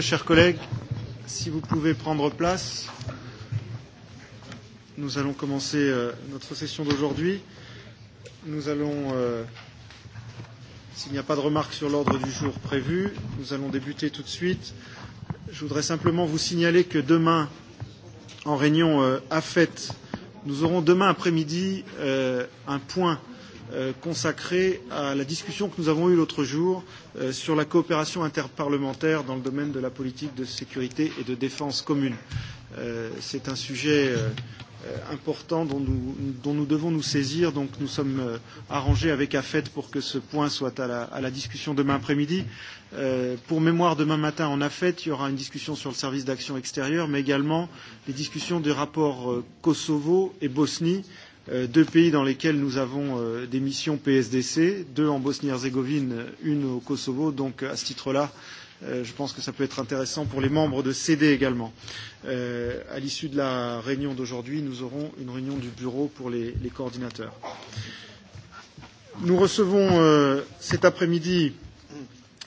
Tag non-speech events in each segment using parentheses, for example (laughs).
Chers collègues, si vous pouvez prendre place, nous allons commencer euh, notre session d'aujourd'hui. Nous allons, euh, s'il n'y a pas de remarques sur l'ordre du jour prévu, nous allons débuter tout de suite. Je voudrais simplement vous signaler que demain, en réunion euh, à fête, nous aurons demain après-midi un point euh, consacré à la discussion que nous avons eue l'autre jour euh, sur la coopération interparlementaire dans le domaine de la politique de sécurité et de défense commune. Euh, c'est un sujet euh, important dont nous, dont nous devons nous saisir. Donc nous sommes arrangés avec AFET pour que ce point soit à la, à la discussion demain après-midi. pour mémoire, demain matin en AFET, il y aura une discussion sur le service d'action extérieure, mais également les discussions des rapports euh, Kosovo et Bosnie Euh, deux pays dans lesquels nous avons euh, des missions PSDC, deux en Bosnie-Herzégovine, une au Kosovo. Donc à ce titre-là, euh, je pense que ça peut être intéressant pour les membres de CD également. à l'issue de la réunion d'aujourd'hui, nous aurons une réunion du bureau pour les, les coordinateurs. Nous recevons cet après-midi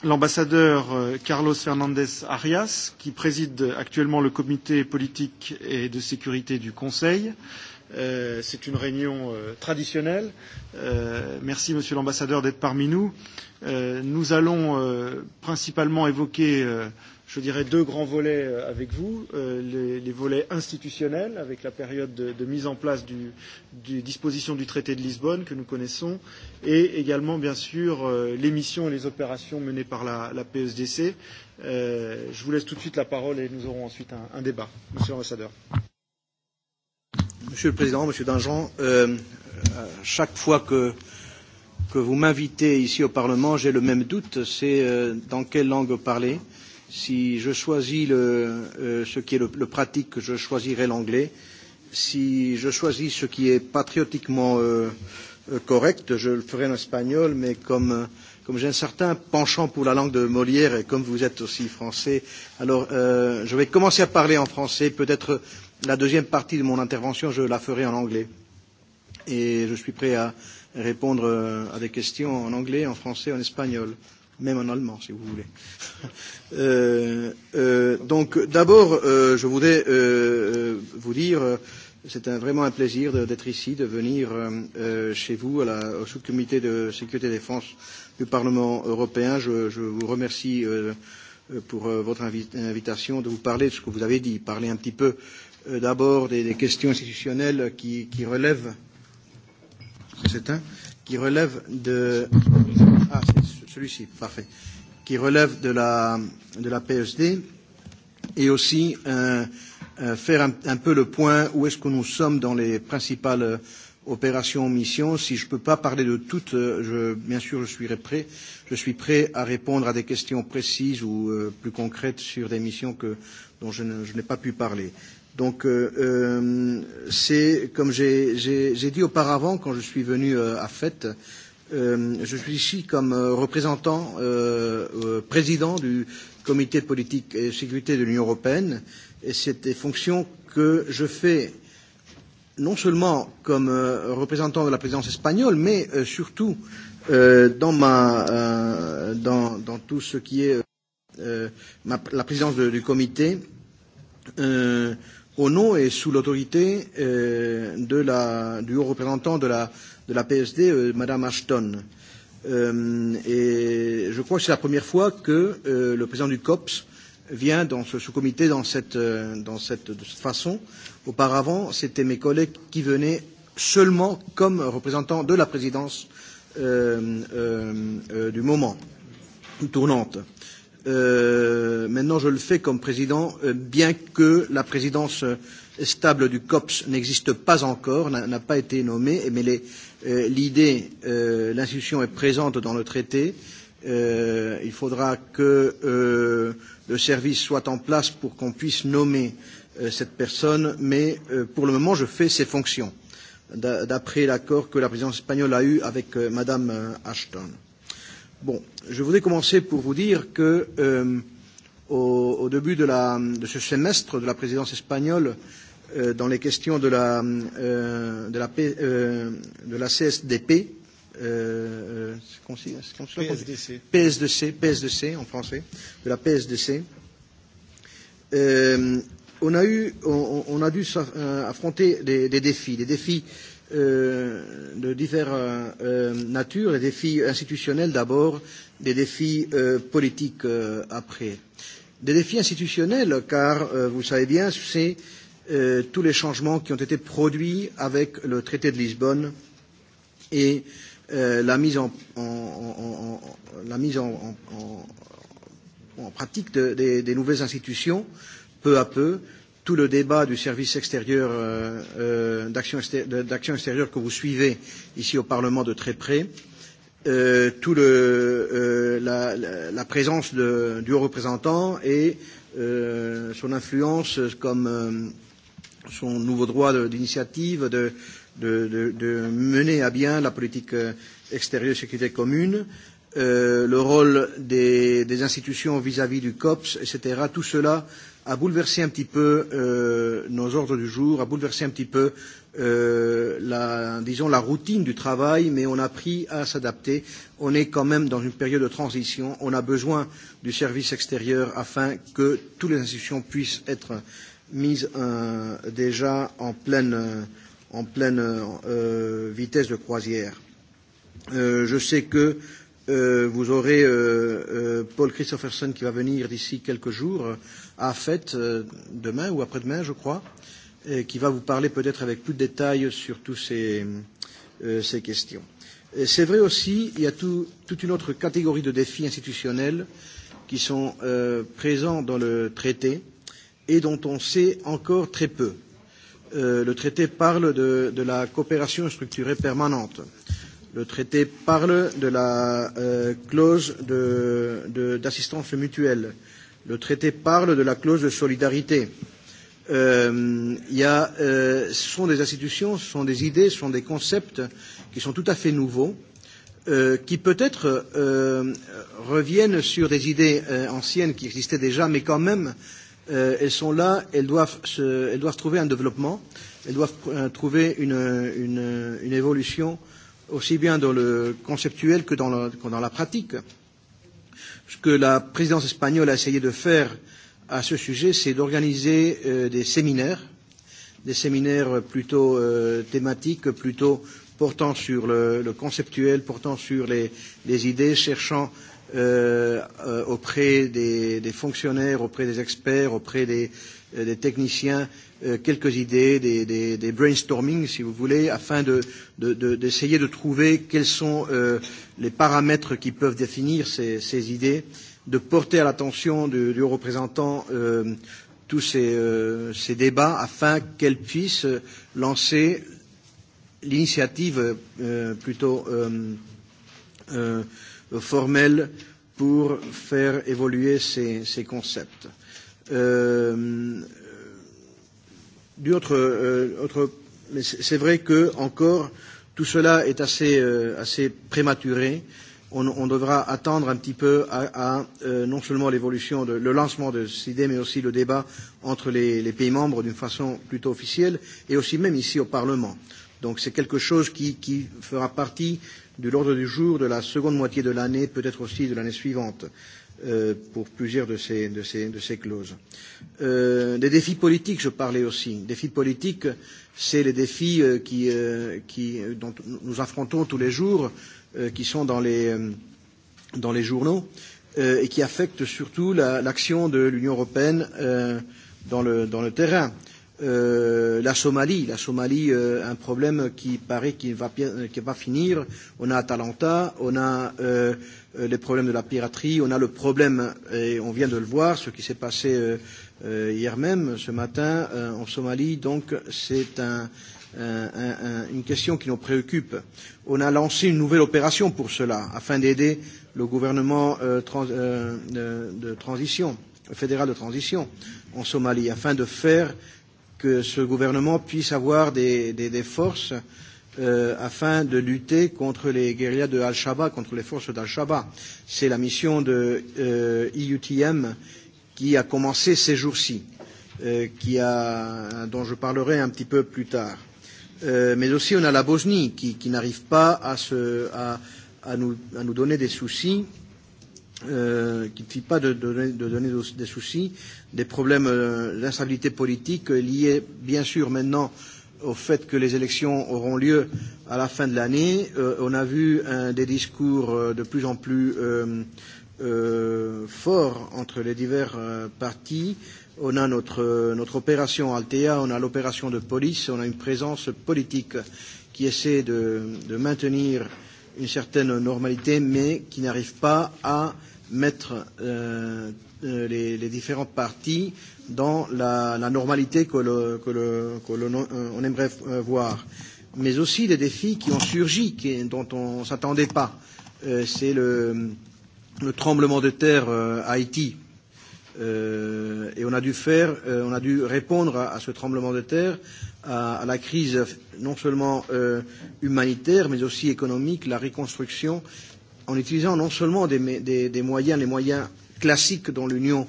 l'ambassadeur Carlos Fernandez Arias, qui préside actuellement le comité politique et de sécurité du Conseil. Euh, Euh, c'est une réunion euh, traditionnelle. Euh, merci, Monsieur l'ambassadeur, d'être parmi nous. Euh, nous allons euh, principalement évoquer euh, je dirais, deux grands volets euh, avec vous. Euh, les, les volets institutionnels, avec la période de, de mise en place du, des dispositions du traité de Lisbonne que nous connaissons, et également, bien sûr, euh, les missions et les opérations menées par la, la PSDC. E euh, je vous laisse tout de suite la parole et nous aurons ensuite un, un débat. Monsieur l'ambassadeur. Monsieur le Président, Monsieur Dangean, euh, chaque fois que, que vous m'invitez ici au Parlement, j'ai le même doute, c'est euh, dans quelle langue parler. Si je choisis le, euh, ce qui est le, le pratique, je choisirai l'anglais. Si je choisis ce qui est patriotiquement euh, euh correct, je le ferai en espagnol, mais comme comme j'ai un certain penchant pour la langue de Molière et comme vous êtes aussi français, alors euh, je vais commencer à parler en français. Peut-être La deuxième partie de mon intervention, je la ferai en anglais. Et je suis prêt à répondre euh, à des questions en anglais, en français, en espagnol, même en allemand, si vous voulez. (laughs) euh, euh, donc, d'abord, euh, je voudrais euh, euh vous dire. Euh, c'est un, vraiment un plaisir d'être ici, de venir euh, chez vous à la, au sous-comité de sécurité et défense du Parlement européen. Je, je vous remercie euh, pour euh, votre invi- invitation de vous parler de ce que vous avez dit, parler un petit peu Euh, d'abord des, des questions institutionnelles qui, qui relèvent, c'est un, qui relève de, ah, c'est celui-ci, parfait, qui relève de la, de la PSD et aussi euh, euh, faire un, un peu le point où est-ce que nous sommes dans les principales opérations, missions. Si je ne peux pas parler de toutes, euh, je, bien sûr, je suis prêt. Je suis prêt à répondre à des questions précises ou euh, plus concrètes sur des missions que, dont je n'ai pas pu parler. Donc euh, euh, c'est, comme j'ai dit auparavant quand je suis venu euh, à FET, euh, je suis ici comme euh, représentant, euh, euh, président du comité de politique et sécurité de l'Union européenne, et c'est des fonctions que je fais non seulement comme euh, représentant de la présidence espagnole, mais euh, surtout euh, dans, ma, euh, dans, dans tout ce qui est euh, ma, la présidence de, du comité, euh, au nom et sous l'autorité euh, de la, du haut représentant de la, de la PSD, euh, Madame Ashton. Euh, et je crois que c'est la première fois que euh, le président du COPS vient dans ce sous-comité dans cette, euh, dans cette, de cette façon. Auparavant, c'était mes collègues qui venaient seulement comme représentants de la présidence euh, euh, euh, du moment tournante. Euh, Euh, maintenant, je le fais comme président, euh, bien que la présidence euh, stable du COPS n'existe pas encore, n'a pas été nommée, mais euh, l'idée, euh, l'institution est présente dans le traité. Euh, il faudra que euh, le service soit en place pour qu'on puisse nommer euh, cette personne, mais euh, pour le moment, je fais ses fonctions, d'après l'accord que la présidence espagnole a eu avec euh, Madame euh, Ashton. Euh, Bon, je voudrais commencer pour vous dire que euh, au, au début de, la, de ce semestre de la présidence espagnole, euh, dans les questions de la, euh, de la, P, euh, de la CSDP, euh, comment, comment PSDC. PSDC, PSDC en français, de la PSDC, euh, on, a eu, on, on a dû euh, affronter des, des défis, des défis euh, de diverses euh, natures, les défis institutionnels d'abord, des défis euh, politiques euh, après. Des défis institutionnels, car euh, vous le savez bien, c'est euh, tous les changements qui ont été produits avec le traité de Lisbonne et euh, la mise en, en, en, en, la mise en, en, en, en pratique de, de, des nouvelles institutions, peu à peu, euh, tout le débat du service extérieur euh, euh, d'action extérieure que vous suivez ici au Parlement de très près, euh, tout le, euh, la, la, la présence de, du haut représentant et euh, son influence comme euh, son nouveau droit d'initiative de, de, de, de de mener à bien la politique euh, extérieure sécurité commune, euh, le rôle des, des institutions vis-à-vis -vis du COPS, etc. Tout cela a bouleversé un petit peu euh, nos ordres du jour, a bouleversé un petit peu euh, la, disons, la routine du travail, mais on a appris à s'adapter. On est quand même dans une période de transition. On a besoin du service extérieur afin que toutes les institutions puissent être mises euh, déjà en pleine, en pleine euh, vitesse de croisière. Euh, je sais que euh, Euh, vous aurez euh, euh, Paul Christopherson qui va venir d'ici quelques jours à Fête, euh, demain ou après-demain, je crois, et qui va vous parler peut-être avec plus de détails sur toutes ces, euh, ces questions. C'est vrai aussi, il y a tout, toute une autre catégorie de défis institutionnels qui sont euh, présents dans le traité et dont on sait encore très peu. Euh, le traité parle de, de la coopération structurée permanente. Le traité parle de la euh, clause d'assistance de, de, mutuelle. Le traité parle de la clause de solidarité. Euh, y a, euh, ce sont des institutions, ce sont des idées, ce sont des concepts qui sont tout à fait nouveaux, euh, qui peut-être euh, reviennent sur des idées euh, anciennes qui existaient déjà, mais quand même, euh, elles sont là, elles doivent, se, elles doivent trouver un développement, elles doivent euh, trouver une, une, une évolution euh, aussi bien dans le conceptuel que dans, le, que dans la pratique. Ce que la présidence espagnole a essayé de faire à ce sujet, c'est d'organiser euh, des séminaires, des séminaires plutôt euh, thématiques, plutôt portant sur le, le conceptuel, portant sur les, les idées, cherchant euh, euh, auprès des, des fonctionnaires, auprès des experts, auprès des, euh, des techniciens, Euh, quelques idées, des, des, des brainstorming, si vous voulez, afin d'essayer de, de, de, de trouver quels sont euh, les paramètres qui peuvent définir ces, ces idées, de porter à l'attention du, du représentant euh, tous ces, euh, ces débats afin qu'elle puisse lancer l'initiative euh, plutôt euh, euh, formelle pour faire évoluer ces, ces concepts. Euh, du autre, euh, autre mais c'est vrai que encore tout cela est assez, euh, assez prématuré. On, on devra attendre un petit peu à, à euh, non seulement l'évolution, de, le lancement de cette idée, mais aussi le débat entre les, les pays membres d'une façon plutôt officielle, et aussi même ici au Parlement. Donc c'est quelque chose qui, qui fera partie de l'ordre du jour de la seconde moitié de l'année, peut-être aussi de l'année suivante. Euh, pour plusieurs de ces, de ces, de ces clauses. Euh, des défis politiques, je parlais aussi. Défis politiques, c'est les défis euh, qui, euh, qui, euh, dont nous affrontons tous les jours, euh, qui sont dans les, euh, dans les journaux euh, et qui affectent surtout l'action la, de l'Union européenne euh, dans, le, dans le terrain. Euh, Euh, la Somalie. La Somalie, euh, un problème qui paraît qu'il va, euh, qui va finir. On a Atalanta, on a euh, euh, les problèmes de la piraterie, on a le problème, et on vient de le voir, ce qui s'est passé euh, hier même, ce matin, euh, en Somalie. Donc c'est un, un, un, une question qui nous préoccupe. On a lancé une nouvelle opération pour cela, afin d'aider le gouvernement euh, trans, euh, de, de transition, fédéral de transition en Somalie, afin de faire que ce gouvernement puisse avoir des, des, des forces euh, afin de lutter contre les guérillas de Al-Shabaab, contre les forces d'Al-Shabaab. C'est la mission de euh, IUTM e qui a commencé ces jours-ci, euh, dont je parlerai un petit peu plus tard. Euh, mais aussi on a la Bosnie qui, qui n'arrive pas à, se, à, à, nous, à nous donner des soucis euh, euh, qui ne fit pas de, de, de donner des soucis, des problèmes euh, d'instabilité politique liés bien sûr maintenant au fait que les élections auront lieu à la fin de l'année. Euh, on a vu un, des discours euh, de plus en plus euh, euh, forts entre les divers euh, partis. On a notre, euh, notre opération Altea, on a l'opération de police, on a une présence politique qui essaie de, de maintenir euh, une certaine normalité, mais qui n'arrive pas à mettre euh, euh les, les différentes parties dans la, la normalité que l'on que le, que le, euh, on aimerait euh, voir. Mais aussi des défis qui ont surgi, qui, dont on ne s'attendait pas. Euh, C'est le, le tremblement de terre euh, à Haïti. Euh, et on a dû faire, euh, on a dû répondre à, à ce tremblement de terre à, à la crise non seulement euh, humanitaire mais aussi économique, la reconstruction, en utilisant non seulement des, des, des moyens, les moyens classiques dont l'Union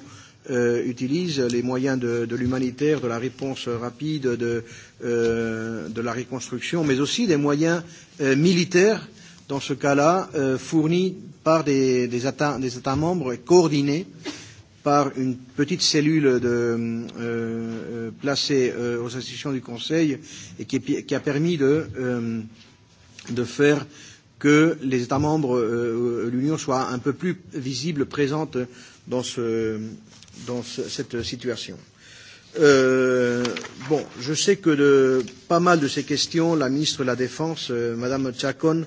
euh, utilise, les moyens de, de l'humanitaire, de la réponse rapide, de, euh, de la reconstruction, mais aussi des moyens euh, militaires, dans ce cas-là, euh, fournis par des, des, États, des États membres coordonnés. Euh, par une petite cellule de, euh, euh, placée euh, aux institutions du Conseil et qui, qui a permis de, euh, de faire que les États membres, euh, euh l'Union soient un peu plus visibles, présentes dans, ce, dans ce, cette situation. Euh, bon, je sais que de pas mal de ces questions, la ministre de la Défense, euh, Madame Chacon, euh,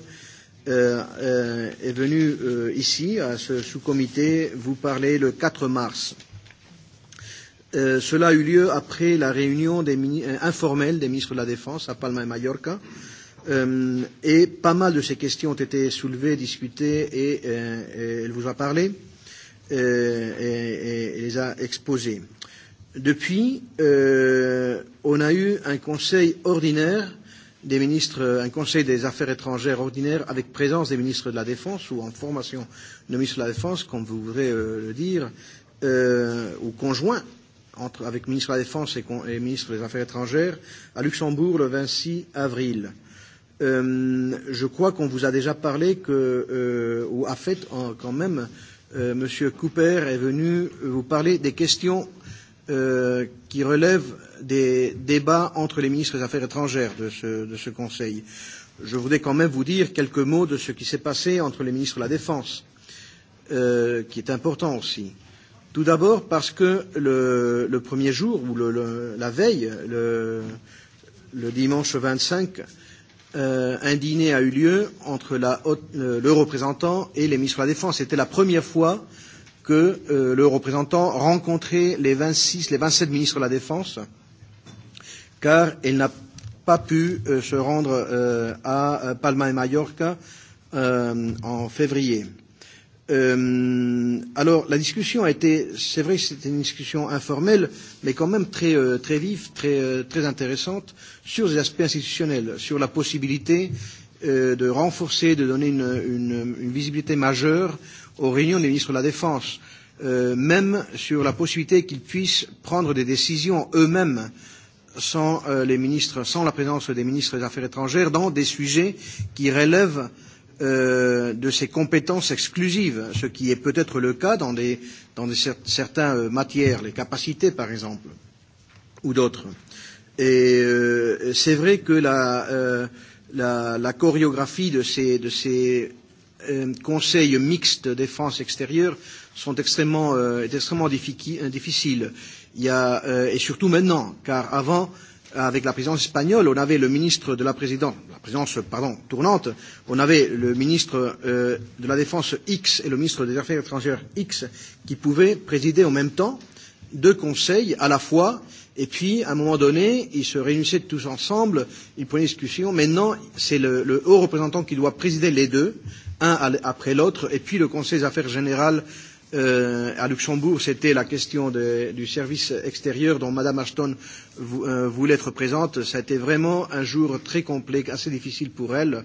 Euh, euh, est venu euh, ici, à ce sous-comité, vous parler le 4 mars. Euh, cela a eu lieu après la réunion des euh, informelle des ministres de la Défense à Palma et Mallorca, euh, et pas mal de ces questions ont été soulevées, discutées, et, euh, et elle vous a parlé euh, et, et, et les a exposées. Depuis, euh, on a eu un conseil ordinaire euh, des ministres, un conseil des affaires étrangères ordinaire avec présence des ministres de la Défense ou en formation de ministres de la Défense, comme vous voudrez euh, le dire, euh, ou conjoint entre, avec ministre de la Défense et, et ministre des Affaires étrangères à Luxembourg le 26 avril. Euh, je crois qu'on vous a déjà parlé que, euh, ou a fait en, quand même, euh, Monsieur Cooper est venu vous parler des questions Euh, qui relève des débats entre les ministres des Affaires étrangères de ce, de ce Conseil. Je voudrais quand même vous dire quelques mots de ce qui s'est passé entre les ministres de la Défense, euh, qui est important aussi. Tout d'abord parce que le, le premier jour ou le, le, la veille, le, le dimanche 25, euh, un dîner a eu lieu entre la haute, euh, le représentant et les ministres de la Défense. C'était la première fois euh, que euh, le représentant rencontrait les 26, les 27 ministres de la Défense, car il n'a pas pu euh, se rendre euh, à euh, Palma et Mallorca euh, en février. Euh, alors, la discussion a été, c'est vrai que c'était une discussion informelle, mais quand même très, euh, très vive, très, euh, très intéressante, sur les aspects institutionnels, sur la possibilité euh, de renforcer, de donner une, une, une visibilité majeure euh, aux réunions des ministres de la Défense, euh, même sur la possibilité qu'ils puissent prendre des décisions eux-mêmes sans, euh, les ministres, sans la présence des ministres des Affaires étrangères dans des sujets qui relèvent euh, de ses compétences exclusives, ce qui est peut-être le cas dans, des, dans des cer certaines euh, matières, les capacités par exemple, ou d'autres. Et euh, c'est vrai que la, euh, la, la chorégraphie de ces, de ces Euh, Conseil mixte défense extérieure sont extrêmement, euh, extrêmement euh, difficiles. Il y a, euh, et surtout maintenant, car avant, avec la présidence espagnole, on avait le ministre de la présidence, la présidence pardon, tournante, on avait le ministre euh, de la Défense X et le ministre des Affaires étrangères X qui pouvaient présider en même temps deux conseils à la fois, et puis à un moment donné, ils se réunissaient tous ensemble, ils prenaient une discussion. Maintenant, c'est le, le haut représentant qui doit présider les deux, un après l'autre, et puis le Conseil des affaires générales euh, à Luxembourg, c'était la question de, du service extérieur dont Madame Ashton vou, euh, voulait être présente. Ça a été vraiment un jour très complet, assez difficile pour elle.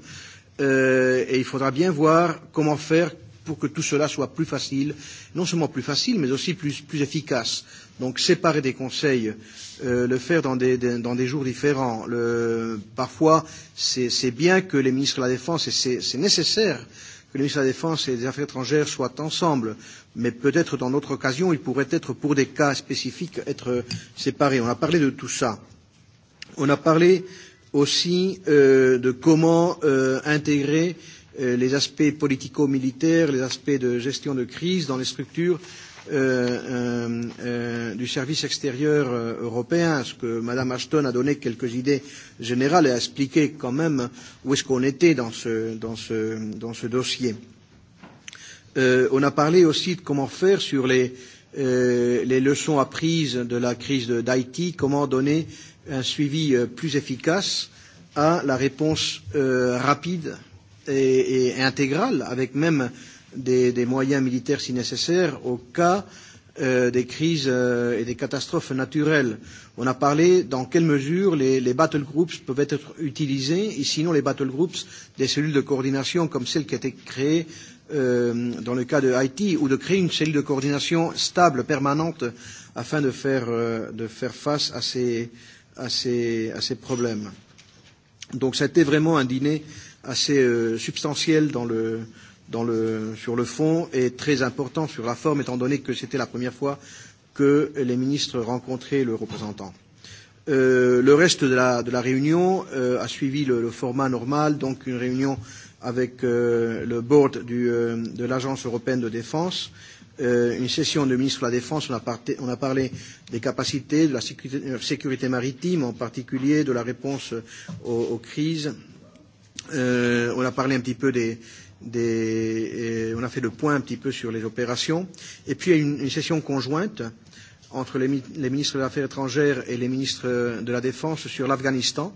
Euh, et il faudra bien voir comment faire pour que tout cela soit plus facile, non seulement plus facile, mais aussi plus, plus efficace. Donc séparer des conseils, euh, le faire dans des, des, dans des jours différents. Le, parfois, c'est bien que les ministres de la Défense, et c'est nécessaire que les ministres de la Défense et des Affaires étrangères soient ensemble, mais peut-être dans d'autres occasions, ils pourraient être, pour des cas spécifiques, être séparés. On a parlé de tout ça. On a parlé aussi euh, de comment euh, intégrer euh, Euh, les aspects politico-militaires, les aspects de gestion de crise dans les structures euh, euh, euh, du service extérieur euh, européen, ce que Mme Ashton a donné quelques idées générales et a expliqué quand même où est-ce qu'on était dans ce, dans ce, dans ce dossier. Euh, on a parlé aussi de comment faire sur les, euh, les leçons apprises de la crise d'Haïti, comment donner un suivi euh, plus efficace à la réponse euh, rapide et, et intégrale, avec même des, des moyens militaires si nécessaire, au cas euh, des crises euh, et des catastrophes naturelles. On a parlé dans quelle mesure les, les battle groups peuvent être utilisés, et sinon les battle groups des cellules de coordination comme celle qui a été créée euh, dans le cas de Haïti, ou de créer une cellule de coordination stable, permanente, afin de faire, euh, de faire face à ces, à, ces, à ces problèmes. Donc c'était vraiment un dîner euh, assez euh, substantiel dans le, dans le, sur le fond et très important sur la forme, étant donné que c'était la première fois que les ministres rencontraient le représentant. Euh, le reste de la, de la réunion euh, a suivi le, le format normal, donc une réunion avec euh, le board du, euh, de l'Agence européenne de défense, euh, une session de ministre de la Défense, on a, parté, on a parlé des capacités, de la sécurité, euh, sécurité maritime en particulier, de la réponse euh, aux, aux crises, Euh, on a parlé un petit peu des, des, euh, on a fait le point un petit peu sur les opérations. Et puis il y a une, une session conjointe entre les, les ministres des Affaires étrangères et les ministres de la Défense sur l'Afghanistan,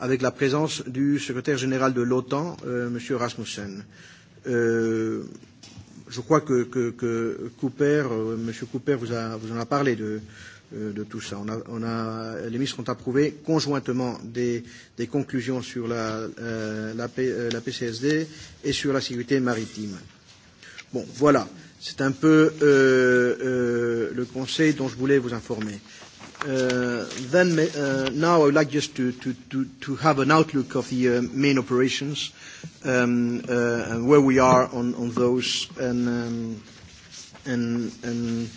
avec la présence du secrétaire général de l'OTAN, euh, M. Rasmussen. Euh, je crois que, que, que Cooper, euh, M. Cooper vous, a, vous en a parlé de, euh, Euh, de tout ça. On a, on a, les ministres ont approuvé conjointement des, des conclusions sur la, euh, la, P, euh, la PCSD et sur la sécurité maritime. Bon, voilà. C'est un peu euh, euh, le conseil dont je voulais vous informer. Uh, then uh, now I would like just to, to, to, to have an outlook of the uh, main operations um, uh, and where we are on, on those and, um, and, and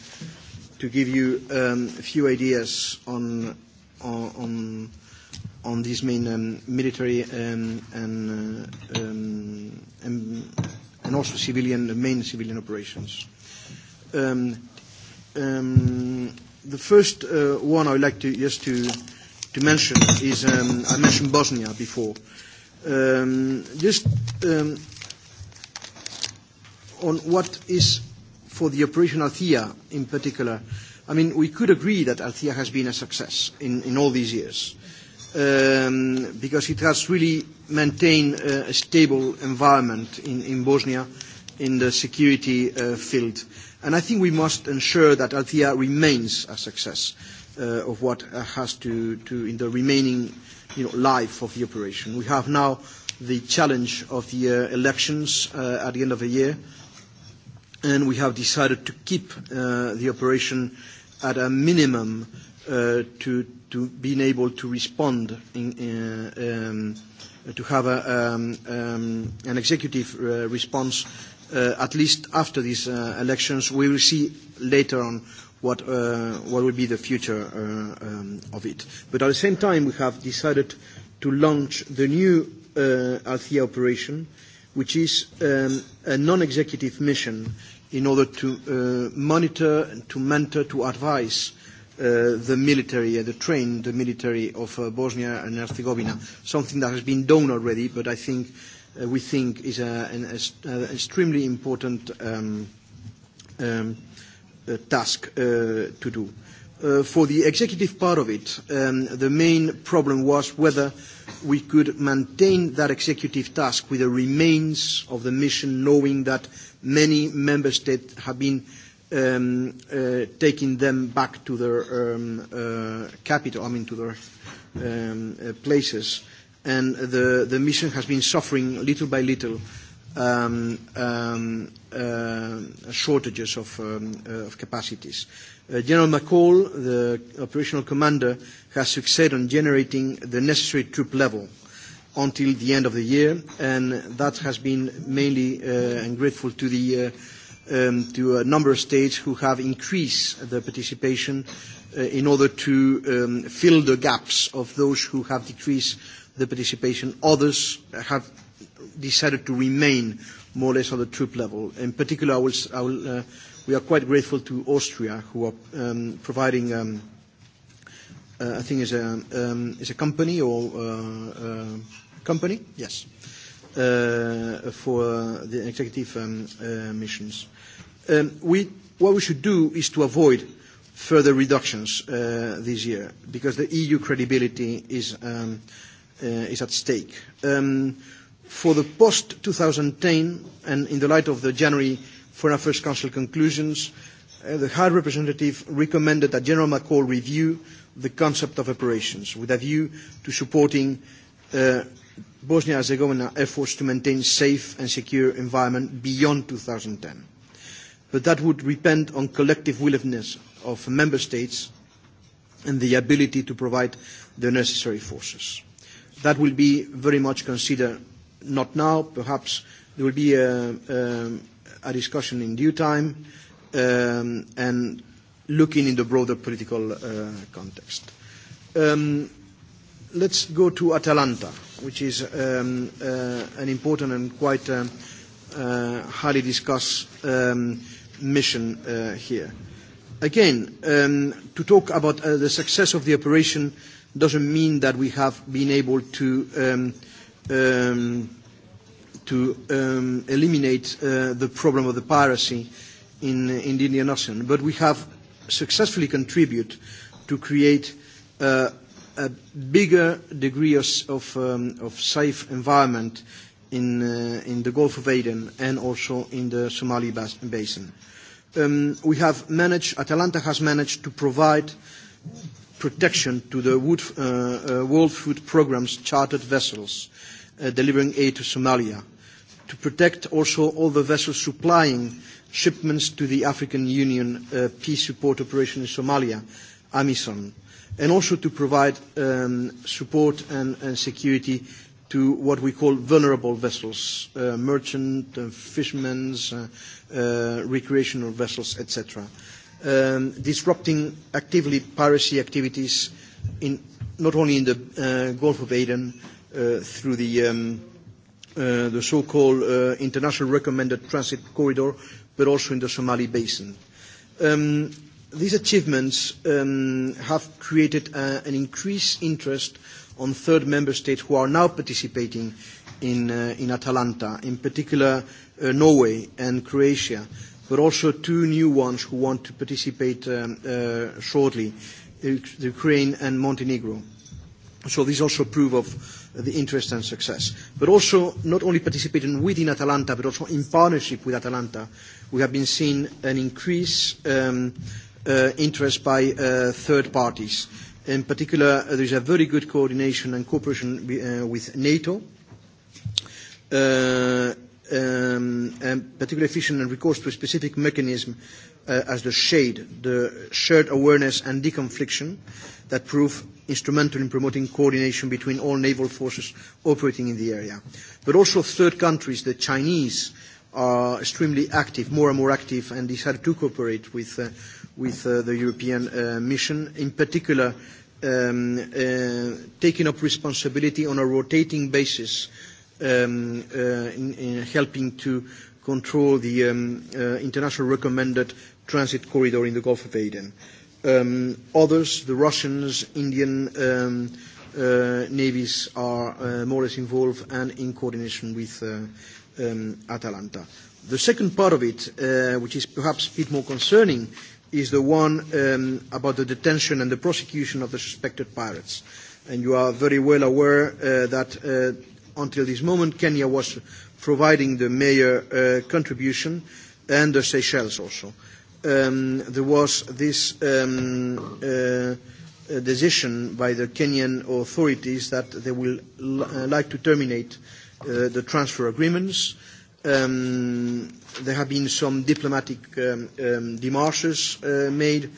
to give you um, a few ideas on, on, on these main um, military um, and, uh, um, and, and also civilian, main civilian operations. Um, um, the first uh, one I would like to just to, to mention is um, I mentioned Bosnia before. Um, just um, on what is for the operation Althea in particular, I mean, we could agree that Althea has been a success in, in all these years um, because it has really maintained uh, a stable environment in, in Bosnia in the security uh, field. And I think we must ensure that Althea remains a success uh, of what uh, has to, to, in the remaining you know, life of the operation. We have now the challenge of the uh, elections uh, at the end of the year and we have decided to keep uh, the operation at a minimum uh, to, to being able to respond, in, uh, um, to have a, um, um, an executive uh, response uh, at least after these uh, elections. We will see later on what, uh, what will be the future uh, um, of it. But at the same time, we have decided to launch the new uh, Althea operation, which is um, a non-executive mission in order to uh, monitor, and to mentor, to advise Uh, the military and uh, the train the military of uh, Bosnia and Herzegovina, something that has been done already, but I think uh, we think is a, uh, an a, a uh, extremely important um, um, a uh, task uh, to do. Uh, for the executive part of it, um, the main problem was whether we could maintain that executive task with the remains of the mission, knowing that many member states have been um, uh, taking them back to their um, uh, capital, I mean to their um, uh, places, and the, the mission has been suffering little by little um, um, uh, shortages of, um, uh, of capacities. Uh, Uh, General McCall, the operational commander, has succeeded in generating the necessary troop level until the end of the year, and that has been mainly uh, and grateful to the uh, um, to a number of states who have increased their participation uh, in order to um, fill the gaps of those who have decreased the participation. Others have decided to remain more or less on the troop level. In particular, I will, I will uh, we are quite grateful to Austria, who are um, providing, um, uh, I think, is a, um, is a company or uh, uh, company, yes, uh, for the executive um, uh, missions. Um, we, what we should do is to avoid further reductions uh, this year, because the EU credibility is, um, uh, is at stake. Um, for the post-2010, and in the light of the January For our first Council conclusions, uh, the High Representative recommended a General McCall review the concept of operations with a view to supporting uh, Bosnia-Herzegovina efforts to maintain safe and secure environment beyond 2010. But that would depend on collective willingness of member states and the ability to provide the necessary forces. That will be very much considered not now, perhaps there will be a, a, um, a discussion in due time um, and looking in the broader political uh, context. Um, let's go to Atalanta, which is um, uh, an important and quite um, uh, highly discussed um, mission uh, here. Again, um, to talk about uh, the success of the operation doesn't mean that we have been able to um, um, to um, eliminate uh, the problem of the piracy in, in the Indian Ocean, but we have successfully contributed to create uh, a bigger degree of, of, um, of safe environment in, uh, in the Gulf of Aden and also in the Somali bas basin. Um, we have managed, Atalanta has managed to provide protection to the wood, uh, uh, World Food Programme's chartered vessels, uh, delivering aid to Somalia to protect also all the vessels supplying shipments to the African Union uh, peace support operation in Somalia, AMISOM, and also to provide um, support and, and security to what we call vulnerable vessels, uh, merchant, uh, fishermen, uh, uh, recreational vessels, etc. Um, disrupting actively piracy activities in, not only in the uh, Gulf of Aden uh, through the um, Uh, the so-called uh, international recommended transit corridor, but also in the Somali basin. Um, these achievements um, have created a, uh, an increased interest on third member states who are now participating in, uh, in Atalanta, in particular uh, Norway and Croatia, but also two new ones who want to participate um, uh, shortly, Ukraine and Montenegro. So these also prove of the interest and success. But also, not only participating within Atalanta, but also in partnership with Atalanta, we have been seeing an increase um, uh, interest by uh, third parties. In particular, uh, there is a very good coordination and cooperation uh, with NATO. Uh, um, and particularly efficient and recourse to a specific mechanism uh, as the SHADE, the Shared Awareness and Deconfliction. Uh, that prove instrumental in promoting coordination between all naval forces operating in the area. But also third countries, the Chinese are extremely active, more and more active, and decided to cooperate with, uh, with uh, the European uh, mission, in particular um, uh, taking up responsibility on a rotating basis um, uh, in, in helping to control the um, uh, international recommended transit corridor in the Gulf of Aden. Uh, Um, others, the Russians, Indian um, uh, navies are uh, more or less involved and in coordination with uh, um, Atalanta. The second part of it, uh, which is perhaps a bit more concerning, is the one um, about the detention and the prosecution of the suspected pirates. And you are very well aware uh, that uh, until this moment, Kenya was providing the major uh, contribution and the Seychelles also um, there was this um, uh, decision by the Kenyan authorities that they will uh, like to terminate uh, the transfer agreements. Um, there have been some diplomatic um, um, demarches uh, made.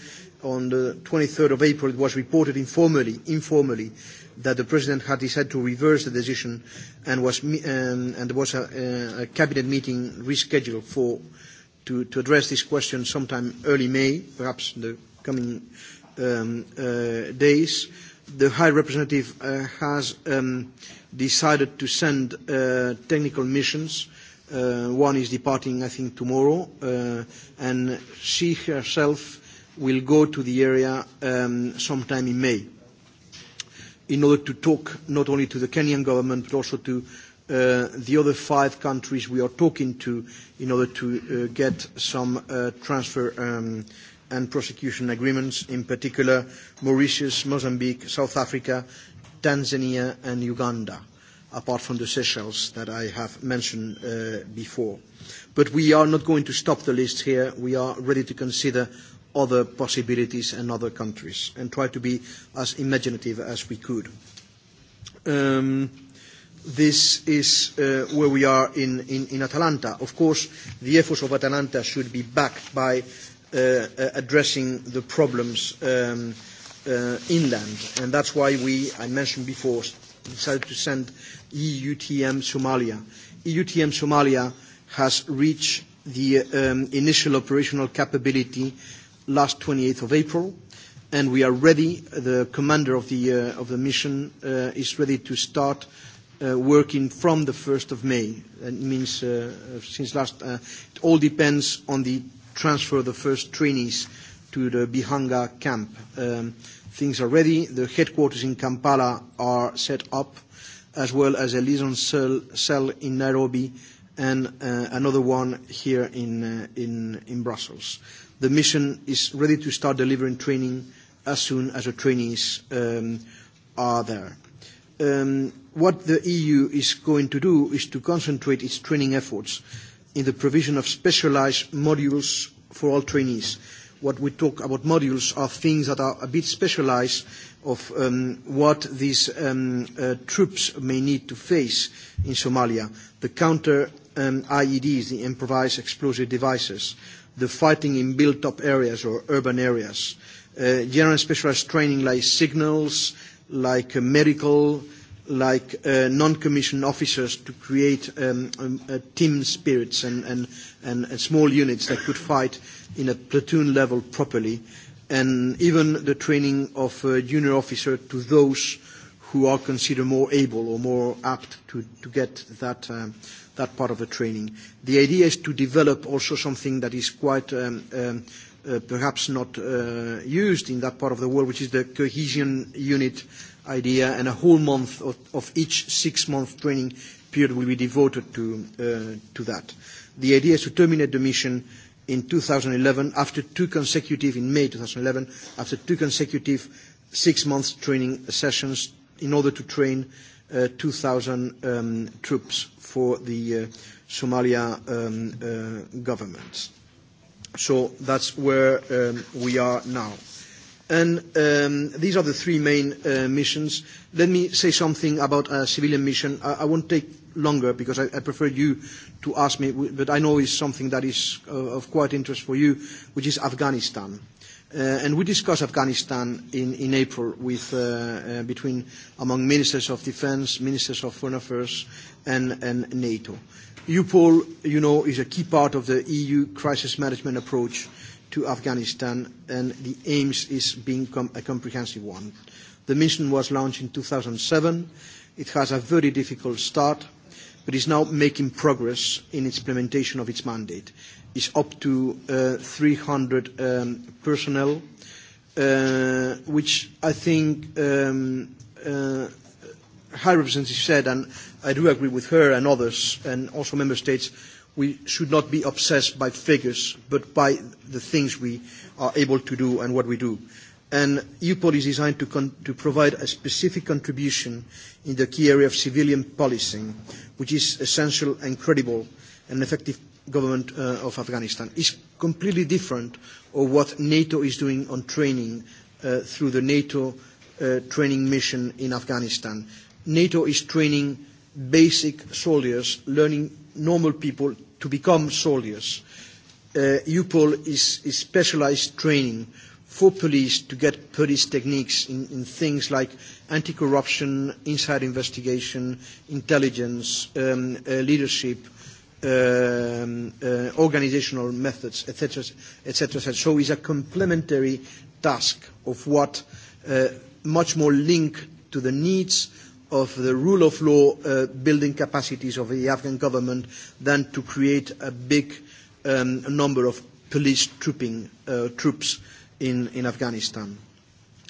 On the 23rd of April, it was reported informally, informally that the president had decided to reverse the decision and, was, um, and there was a, uh, a cabinet meeting rescheduled for uh, to, to address this question sometime early May, perhaps in the coming um, uh, days. The High Representative uh, has um, decided to send uh, technical missions. Uh, one is departing, I think, tomorrow, uh, and she herself will go to the area um, sometime in May in order to talk not only to the Kenyan government but also to Uh, the other five countries we are talking to in order to uh, get some uh, transfer um, and prosecution agreements, in particular Mauritius, Mozambique, South Africa, Tanzania and Uganda, apart from the Seychelles that I have mentioned uh, before. But we are not going to stop the list here. We are ready to consider other possibilities and other countries and try to be as imaginative as we could. Um, this is uh, where we are in, in, in Atalanta. Of course, the efforts of Atalanta should be backed by uh, uh addressing the problems um, uh, inland, and that's why we, I mentioned before, decided to send EUTM Somalia. EUTM Somalia has reached the um, initial operational capability last 28th of April, and we are ready. The commander of the, uh, of the mission uh, is ready to start Uh, working from the 1st of May. That means uh, uh, since last, uh, it all depends on the transfer of the first trainees to the Bihanga camp. Um, things are ready. The headquarters in Kampala are set up, as well as a liaison cell, cell in Nairobi and uh, another one here in, uh, in, in Brussels. The mission is ready to start delivering training as soon as the trainees um, are there. Um, what the EU is going to do is to concentrate its training efforts in the provision of specialized modules for all trainees. What we talk about modules are things that are a bit specialized of um, what these um, uh, troops may need to face in Somalia. The counter um, IEDs, the improvised explosive devices, the fighting in built-up areas or urban areas, uh, general specialized training like signals, like uh, medical, like uh, non-commissioned officers to create um, um, uh, team spirits and, and, and, and small units that could fight in a platoon level properly, and even the training of a junior officer to those who are considered more able or more apt to, to get that, um, that part of the training. The idea is to develop also something that is quite um, um, uh, perhaps not uh, used in that part of the world, which is the cohesion unit idea, and a whole month of, of each six-month training period will be devoted to, uh, to that. The idea is to terminate the mission in 2011 after two consecutive, in May 2011, after two consecutive six-month training sessions in order to train uh, 2,000 um, troops for the uh, Somalia um, uh, government. So that's where um, we are now. And um, these are the three main uh, missions. Let me say something about a civilian mission. I, I won't take longer because I, I prefer you to ask me, but I know it's something that is uh, of quite interest for you, which is Afghanistan. Uh, and we discussed Afghanistan in, in April with, uh, uh, between among ministers of defense, ministers of foreign affairs, and, and NATO. EUPOL, you know, is a key part of the EU crisis management approach to Afghanistan, and the aims is being com a comprehensive one. The mission was launched in 2007. It has a very difficult start, but is now making progress in its implementation of its mandate. It's up to uh, 300 um, personnel, uh, which I think um, uh, High Representative said, and I do agree with her and others, and also Member States, we should not be obsessed by figures, but by the things we are able to do and what we do. And EUPOL is designed to, con- to provide a specific contribution in the key area of civilian policing, which is essential and credible and effective government uh, of Afghanistan. It's completely different of what NATO is doing on training uh, through the NATO uh, training mission in Afghanistan. NATO is training basic soldiers, learning normal people to become soldiers. Uh, EUPOL is, is specialized training for police to get police techniques in, in things like anti-corruption, inside investigation, intelligence, um, uh, leadership, um, uh, organizational methods, etc., etc. Et so it's a complementary task of what uh, much more linked to the needs of the rule of law uh, building capacities of the Afghan government than to create a big um, number of police trooping, uh, troops in, in Afghanistan.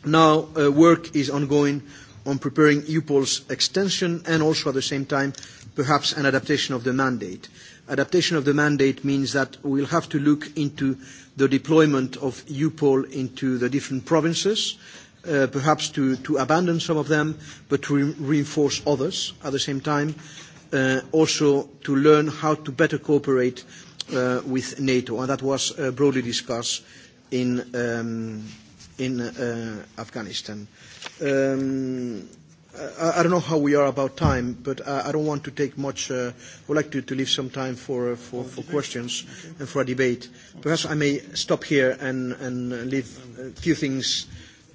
Now, uh, work is ongoing on preparing EUPOL's extension and also at the same time perhaps an adaptation of the mandate. Adaptation of the mandate means that we'll have to look into the deployment of EUPOL into the different provinces uh, perhaps to, to abandon some of them, but to re reinforce others at the same time, uh, also to learn how to better cooperate uh, with NATO, and that was uh, broadly discussed in, um, in uh, Afghanistan. Um, I, I don't know how we are about time, but I, I don't want to take much. Uh, I would like to, to leave some time for, uh, for, for questions okay. and for a debate. Perhaps I may stop here and, and leave a few things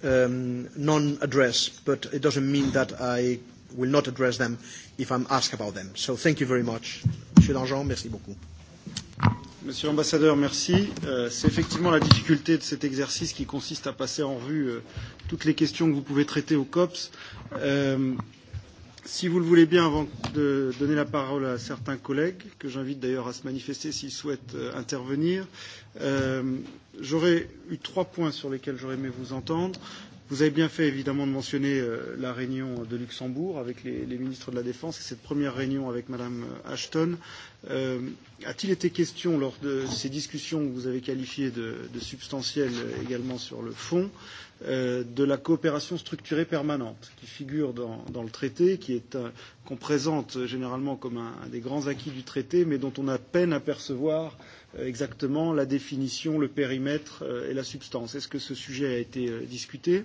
um, non-addressed, but it doesn't mean that I will not address them if I'm asked about them. So thank you very much. Monsieur Dangean, merci beaucoup. Monsieur l'ambassadeur, merci. Euh, C'est effectivement la difficulté de cet exercice qui consiste à passer en revue euh, toutes les questions que vous pouvez traiter au COPS. Euh, si vous le voulez bien, avant de donner la parole à certains collègues, que j'invite d'ailleurs à se manifester s'ils souhaitent euh, intervenir, euh, J'aurais eu trois points sur lesquels j'aurais aimé vous entendre. Vous avez bien fait évidemment de mentionner euh, la réunion de Luxembourg avec les, les ministres de la Défense et cette première réunion avec Madame euh, Ashton. Euh, A-t-il été question lors de ces discussions que vous avez qualifiées de, de substantielles euh, également sur le fond euh, Euh, de la coopération structurée permanente qui figure dans, dans le traité, qui est euh, qu'on présente généralement comme un, un des grands acquis du traité, mais dont on a peine à percevoir euh, exactement la définition, le périmètre euh, et la substance. Est-ce que ce sujet a été euh, discuté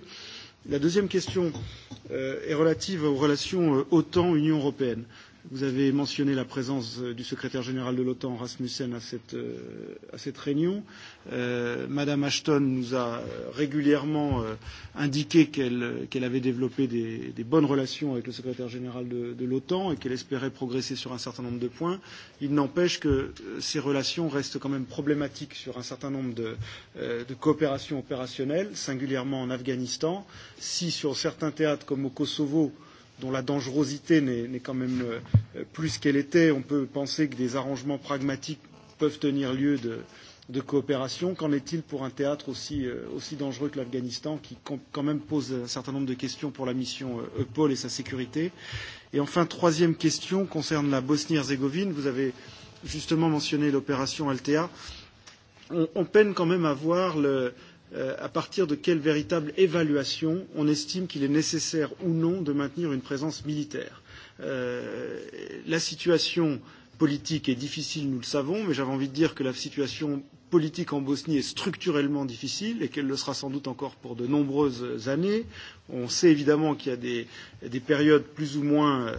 La deuxième question euh, est relative aux relations euh, OTAN-Union européenne. Euh, Vous avez mentionné la présence euh, du secrétaire général de l'OTAN, Rasmussen, à cette, euh, à cette réunion. Euh, Madame Ashton nous a euh, régulièrement euh, indiqué qu'elle qu avait développé des, des bonnes relations avec le secrétaire général de, de l'OTAN et qu'elle espérait progresser sur un certain nombre de points. Il n'empêche que ces relations restent quand même problématiques sur un certain nombre de, euh, de coopérations opérationnelles, singulièrement en Afghanistan. Si sur certains théâtres comme au Kosovo, euh, dont la dangerosité n'est quand même euh, plus qu'elle était. On peut penser que des arrangements pragmatiques peuvent tenir lieu de, de coopération. Qu'en est-il pour un théâtre aussi, euh, aussi dangereux que l'Afghanistan, qui quand même pose un certain nombre de questions pour la mission euh, EUPOL et sa sécurité Et enfin, troisième question concerne la Bosnie-Herzégovine. Vous avez justement mentionné l'opération Altea. On, on peine quand même à voir le, euh, Euh, à partir de quelle véritable évaluation on estime qu'il est nécessaire ou non de maintenir une présence militaire. Euh, la situation politique est difficile, nous le savons, mais j'avais envie de dire que la situation politique en Bosnie est structurellement difficile et qu'elle le sera sans doute encore pour de nombreuses années. On sait évidemment qu'il y a des, des périodes plus ou moins euh,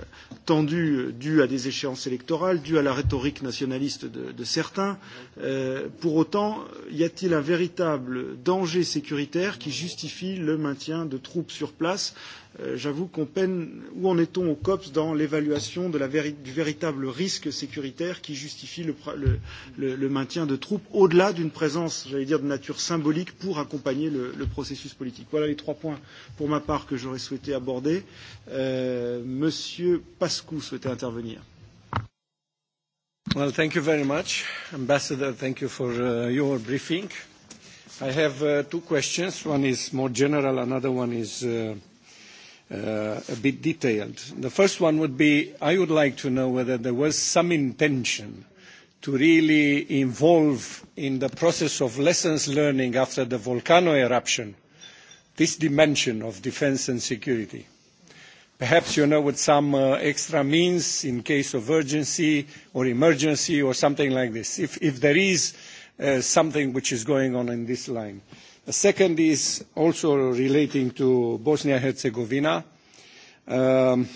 tendues euh, dues à des échéances électorales, dues à la rhétorique nationaliste de, de certains. Euh, pour autant, y a-t-il un véritable danger sécuritaire qui justifie le maintien de troupes sur place euh, J'avoue qu'on peine. Où en est-on au COPS dans l'évaluation de la, du véritable risque sécuritaire qui justifie le, le, le, le maintien de troupes au-delà d'une présence, j'allais dire, de nature symbolique pour accompagner le, le processus politique Voilà les trois points pour ma ma part que j'aurais souhaité aborder. Euh, Monsieur Pascu souhaitait intervenir. Well, thank you very much, Ambassador. Thank you for uh, your briefing. I have uh, two questions. One is more general, another one is uh, uh, a bit detailed. The first one would be, I would like to know whether there was some intention to really involve in the process of lessons learning after the volcano eruption this dimension of defence and security. Perhaps, you know, what some uh, extra means in case of urgency or emergency or something like this, if, if there is uh, something which is going on in this line. The second is also relating to Bosnia-Herzegovina. Um,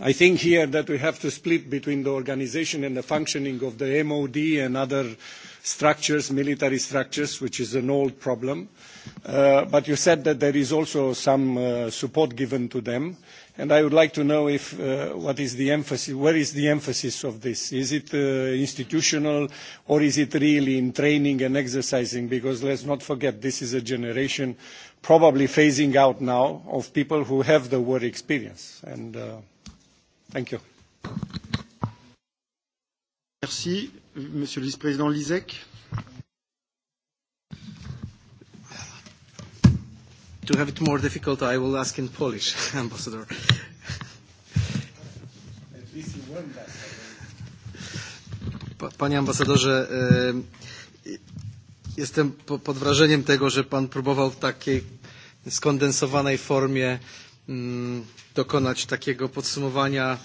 I think here that we have to split between the organisation and the functioning of the MOD and other structures, military structures, which is an old problem. Uh, Uh, but you said that there is also some uh, support given to them, and I would like to know if, uh, what is the emphasis, where is the emphasis of this? Is it uh, institutional, or is it really in training and exercising? Because let's not forget, this is a generation probably phasing out now of people who have the war experience. And uh, thank you. Merci, Monsieur le Vice-président Lisek. to have it more difficult, I will ask in Polish, (laughs) Ambassador. Panie ambasadorze, e, jestem pod wrażeniem tego, że pan próbował w takiej skondensowanej formie mm, dokonać takiego podsumowania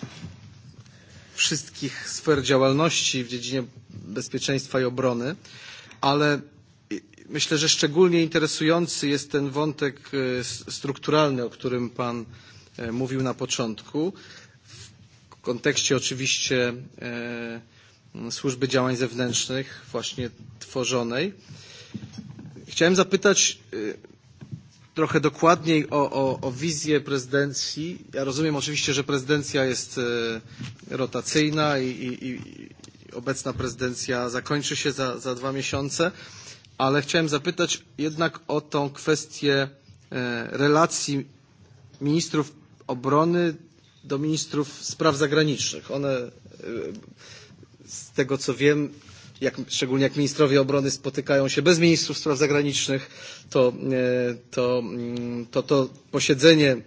wszystkich sfer działalności w dziedzinie bezpieczeństwa i obrony, ale Myślę, że szczególnie interesujący jest ten wątek e, strukturalny, o którym Pan e, mówił na początku, w kontekście oczywiście e, służby działań zewnętrznych właśnie tworzonej. Chciałem zapytać trochę dokładniej o, o, o wizję prezydencji. Ja rozumiem oczywiście, że prezydencja jest rotacyjna i, i, i obecna prezydencja zakończy się za, za dwa miesiące ale chciałem zapytać jednak o tą kwestię e, relacji ministrów obrony do ministrów spraw zagranicznych. One, e, z tego co wiem, jak, szczególnie jak ministrowie obrony spotykają się bez ministrów spraw zagranicznych, to e, to, mm, to, to posiedzenie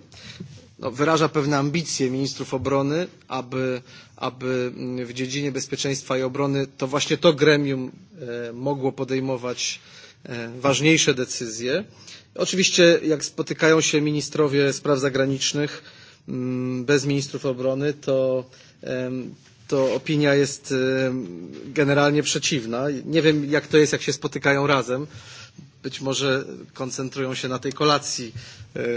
no, wyraża pewne ambicje ministrów obrony, aby, aby mm, w dziedzinie bezpieczeństwa i obrony to właśnie to gremium e, mogło podejmować e, ważniejsze decyzje. Oczywiście jak spotykają się ministrowie spraw zagranicznych mm, bez ministrów obrony, to, to opinia jest generalnie przeciwna. Nie wiem jak to jest, jak się spotykają razem być może koncentrują się na tej kolacji,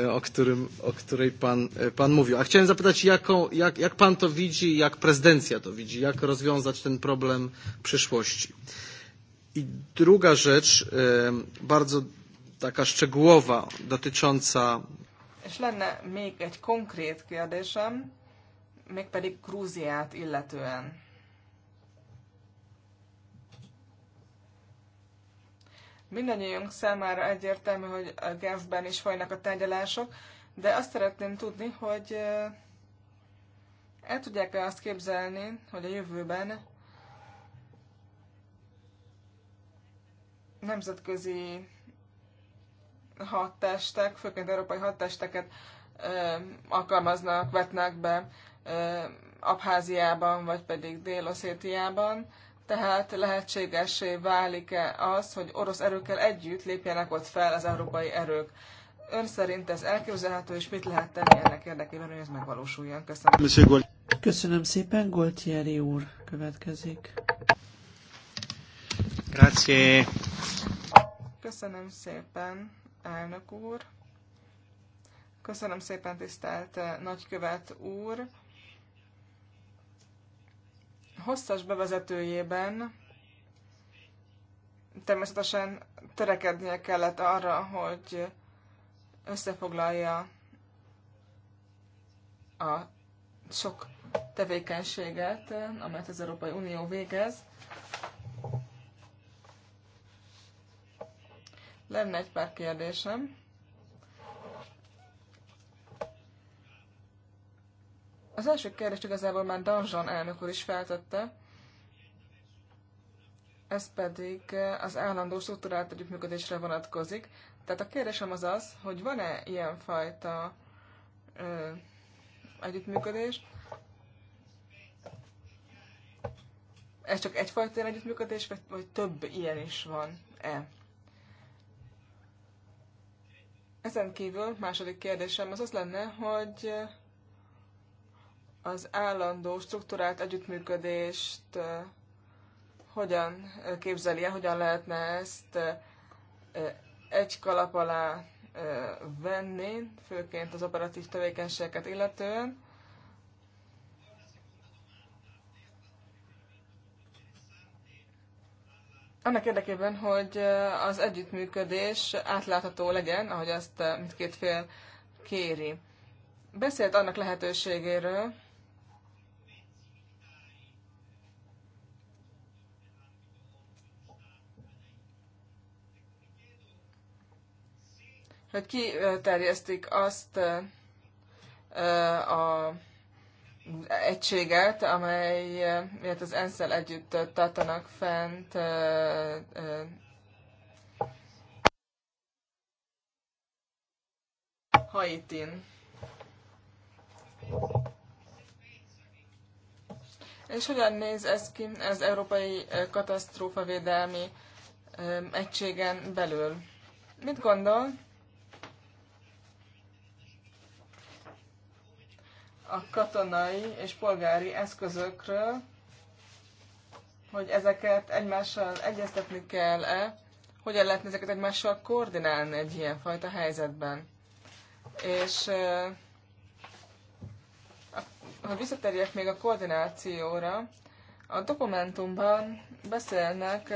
e, o, którym, o której pan, e, pan mówił. A chciałem zapytać, jaką, jak, jak pan to widzi, jak prezydencja to widzi, jak rozwiązać ten problem w przyszłości. I druga rzecz, e, bardzo taka szczegółowa, dotycząca. És lenne még egy konkrét kérdésem, mégpedig Grúziát illetően. Mindannyiunk számára egyértelmű, hogy a Genfben is folynak a tárgyalások, de azt szeretném tudni, hogy el tudják-e azt képzelni, hogy a jövőben nemzetközi hadtestek, főként európai hadtesteket ö, alkalmaznak, vetnek be ö, Abháziában, vagy pedig Dél-Oszétiában tehát lehetségesé válik-e az, hogy orosz erőkkel együtt lépjenek ott fel az európai erők? Ön szerint ez elképzelhető, és mit lehet tenni ennek érdekében, hogy ez megvalósuljon? Köszönöm. Köszönöm szépen, Goltieri úr következik. Grazie. Köszönöm szépen, elnök úr. Köszönöm szépen, tisztelt eh, nagykövet úr hosszas bevezetőjében természetesen törekednie kellett arra, hogy összefoglalja a sok tevékenységet, amelyet az Európai Unió végez. Lenne egy pár kérdésem. Az első kérdést igazából már Danzsan elnök úr is feltette, ez pedig az állandó struktúrált együttműködésre vonatkozik. Tehát a kérdésem az az, hogy van-e ilyenfajta ö, együttműködés? Ez csak egyfajta ilyen együttműködés, vagy, vagy több ilyen is van-e? Ezen kívül második kérdésem az az lenne, hogy az állandó struktúrált együttműködést hogyan képzeli -e, hogyan lehetne ezt egy kalap alá venni, főként az operatív tevékenységeket illetően. Annak érdekében, hogy az együttműködés átlátható legyen, ahogy azt mindkét fél kéri. Beszélt annak lehetőségéről, hogy kiterjesztik azt a egységet, amely, miért az ensz együtt tartanak fent Haitin. És hogyan néz ez ki az Európai Katasztrófavédelmi Egységen belül? Mit gondol? a katonai és polgári eszközökről, hogy ezeket egymással egyeztetni kell-e, hogyan lehetne ezeket egymással koordinálni egy fajta helyzetben. És ha visszatérjek még a koordinációra, a dokumentumban beszélnek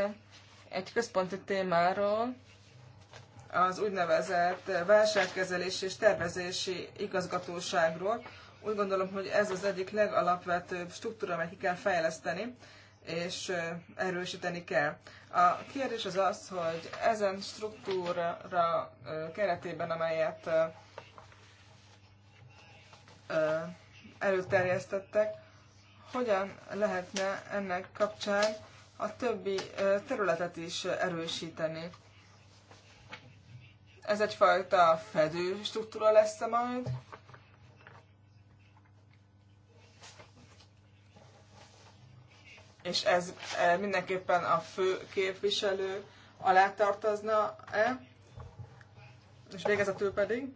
egy központi témáról, az úgynevezett válságkezelési és tervezési igazgatóságról, úgy gondolom, hogy ez az egyik legalapvetőbb struktúra, amelyet ki kell fejleszteni, és erősíteni kell. A kérdés az az, hogy ezen struktúra keretében, amelyet előterjesztettek, hogyan lehetne ennek kapcsán a többi területet is erősíteni. Ez egyfajta fedő struktúra lesz -e majd, és ez e, mindenképpen a fő képviselő alá tartozna-e, és végezetül pedig